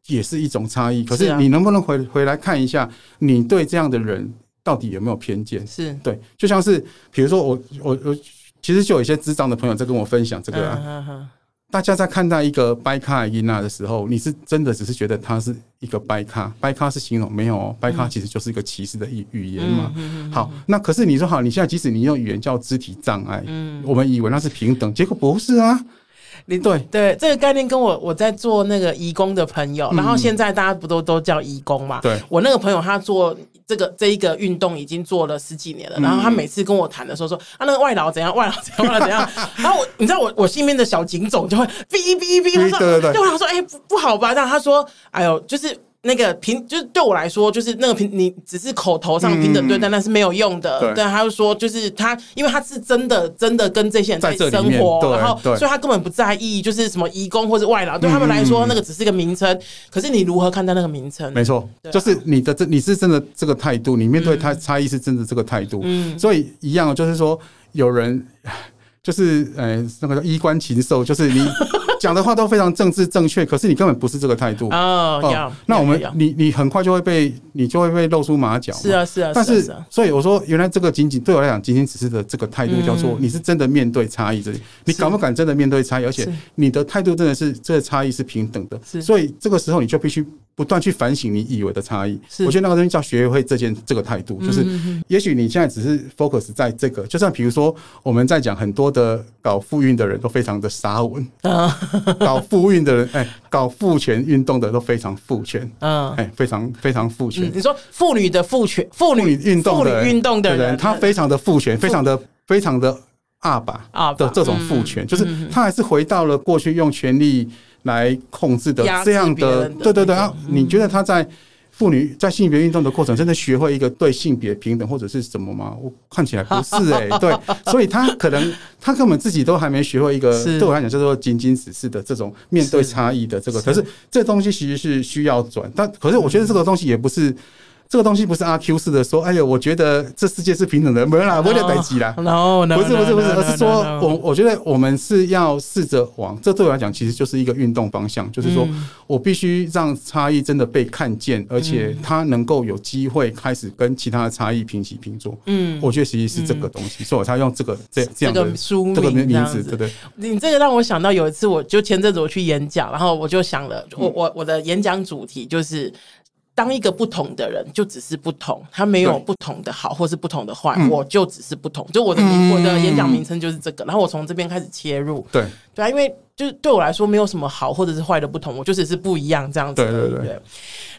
也是一種差異。可是你能不能回回來看一下，你對這樣的人到底有沒有偏見？是對，就像是比如說我我我，其實就有一些智障的朋友在跟我分享這個。啊。嗯嗯嗯嗯大家在看到一個掰咖伊娜的時候，你是真的只是覺得它是一個掰咖？掰咖是形容沒有掰、喔、咖，掰咖其實就是一個歧視的語語言嘛。嗯、好，那可是你說好，你現在即使你用語言叫肢體障礙，嗯、我們以為那是平等，結果不是啊。對對，對，這個概念跟我我在做那個移工的朋友，嗯、然後現在大家不都都叫移工嘛？對，我那個朋友他做這個這一個運動已經做了十幾年了，然後他每次跟我談的時候說，他、嗯啊、那個外勞怎樣，外勞怎樣，外勞怎樣，外勞怎樣 然後我你知道我我心裡面的小警總就會嗶嗶嗶，他說對對對，然他說哎、欸、不不好吧，然他說哎呦就是。那個平就是對我來說，就是那個平，你只是口頭上平等，嗯、對待，但那是沒有用的。對，對，他就說，就是他，因為他是真的，真的跟這些人在生活，然後所以他根本不在意，就是什麼移工或是外勞，對他們來說，那個只是一個名稱。嗯嗯嗯可是你如何看待那個名稱？沒錯錯，對就是你的這，你是真的這個態度，你面對他差異是真的這個態度。嗯,嗯，所以一樣就是說，有人。就是，誒、欸、那個叫衣冠禽獸，就是你講的話都非常政治正確， 可是你根本不是這個態度哦，那我們你你很快就會被你就會被露出馬腳、啊，是啊是，是啊。但是、啊、所以我說，原來這個僅僅對我來講，僅僅只是的這個態度、嗯、叫做你是真的面對差異，這是你敢不敢真的面對差異？而且你的態度真的是這個、差異是平等的，是所以這個時候你就必須。不斷去反省你以為的差異是，我覺得那個東西叫學會這件這個態度，就是也許你現在只是 focus 在這個，就算比如說我們在講很多的搞婦運的人都非常的沙文啊，搞婦運的人 哎，搞父權運動的人都非常父權、啊、哎非常非常父權、嗯。你說婦女的父權，婦女運動，運動的人，他非常的父權富，非常的非常的阿爸啊的這種父權，嗯、就是他還是回到了過去用權力。來控制的這樣的，對對對，對。啊、你覺得她在婦女在性別運動的過程，真的學會一個對性別平等或者是什麼嗎？我看起來不是哎、欸， 對，所以她可能她根本自己都還沒學會一個。對我來講，就是說僅僅只是的這種面對差異的這個，可是這東西其實是需要轉，但可是我覺得這個東西也不是。這個東西不是阿 Q 式的說，哎呦，我覺得這世界是平等的，沒有啦，沒有等級啦，不是不是不是，而是說我我覺得我們是要試着往這，對我來講，其實就是一個運動方向，就是說我必須讓差異真的被看見，嗯、而且它能夠有機會開始跟其他的差異平起平坐。嗯，我覺得其實是這個東西，嗯、所以我才用這個這這樣的這個書名這樣這個名字，對不對？你這個讓我想到有一次，我就前陣子我去演講，然後我就想了，我我我的演講主題就是。當一個不同的人，就只是不同，他沒有不同的好，或是不同的壞，對我就只是不同，嗯、就我的名，我的演講名稱就是這個，嗯、然後我從這邊開始切入，對對啊，因為就是對我來說，沒有什麼好或者是壞的不同，我就只是不一樣這樣子。對對對。對，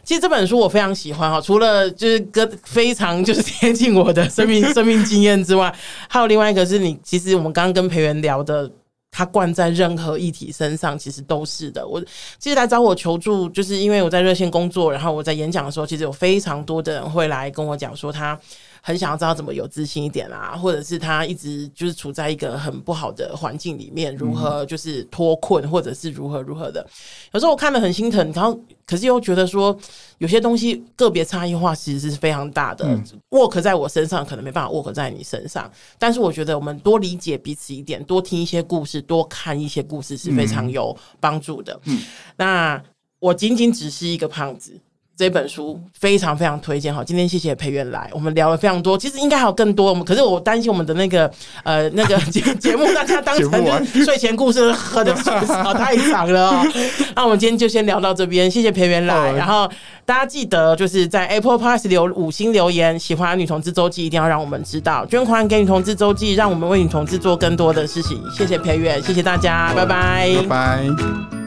其實這本書我非常喜歡哈，除了就是跟非常就是貼近我的生命生命經驗之外， 還有另外一個是你，其實我們剛剛跟培元聊的。他灌在任何議題身上，其實都是的。我其實來找我求助，就是因為我在熱線工作，然後我在演講的時候，其實有非常多的人會來跟我講說他。很想要知道怎麼有自信一點啊，或者是他一直就是處在一個很不好的環境裡面，如何就是脫困，或者是如何如何的。有時候我看的很心疼，然後可是又覺得說，有些東西個別差異化其實是非常大的。work，嗯，在我身上可能沒辦法 work 在你身上，但是我覺得我們多理解彼此一點，多聽一些故事，多看一些故事是非常有幫助的。嗯，嗯，那我僅僅只是一個胖子。這本書非常非常推薦，好，今天謝謝培元來，我們聊了非常多，其實應該還有更多，我們可是我擔心我們的那個呃那個節節目，大家當成睡前故事，喝的，太長了。喔，那我們今天就先聊到這邊，謝謝培元來，哦，然後大家記得就是在 Apple Plus 留五星留言，喜歡女同志周記一定要讓我們知道，捐款給女同志周記，讓我們為女同志做更多的事情，謝謝培元，謝謝大家，拜，哦，拜拜。拜拜。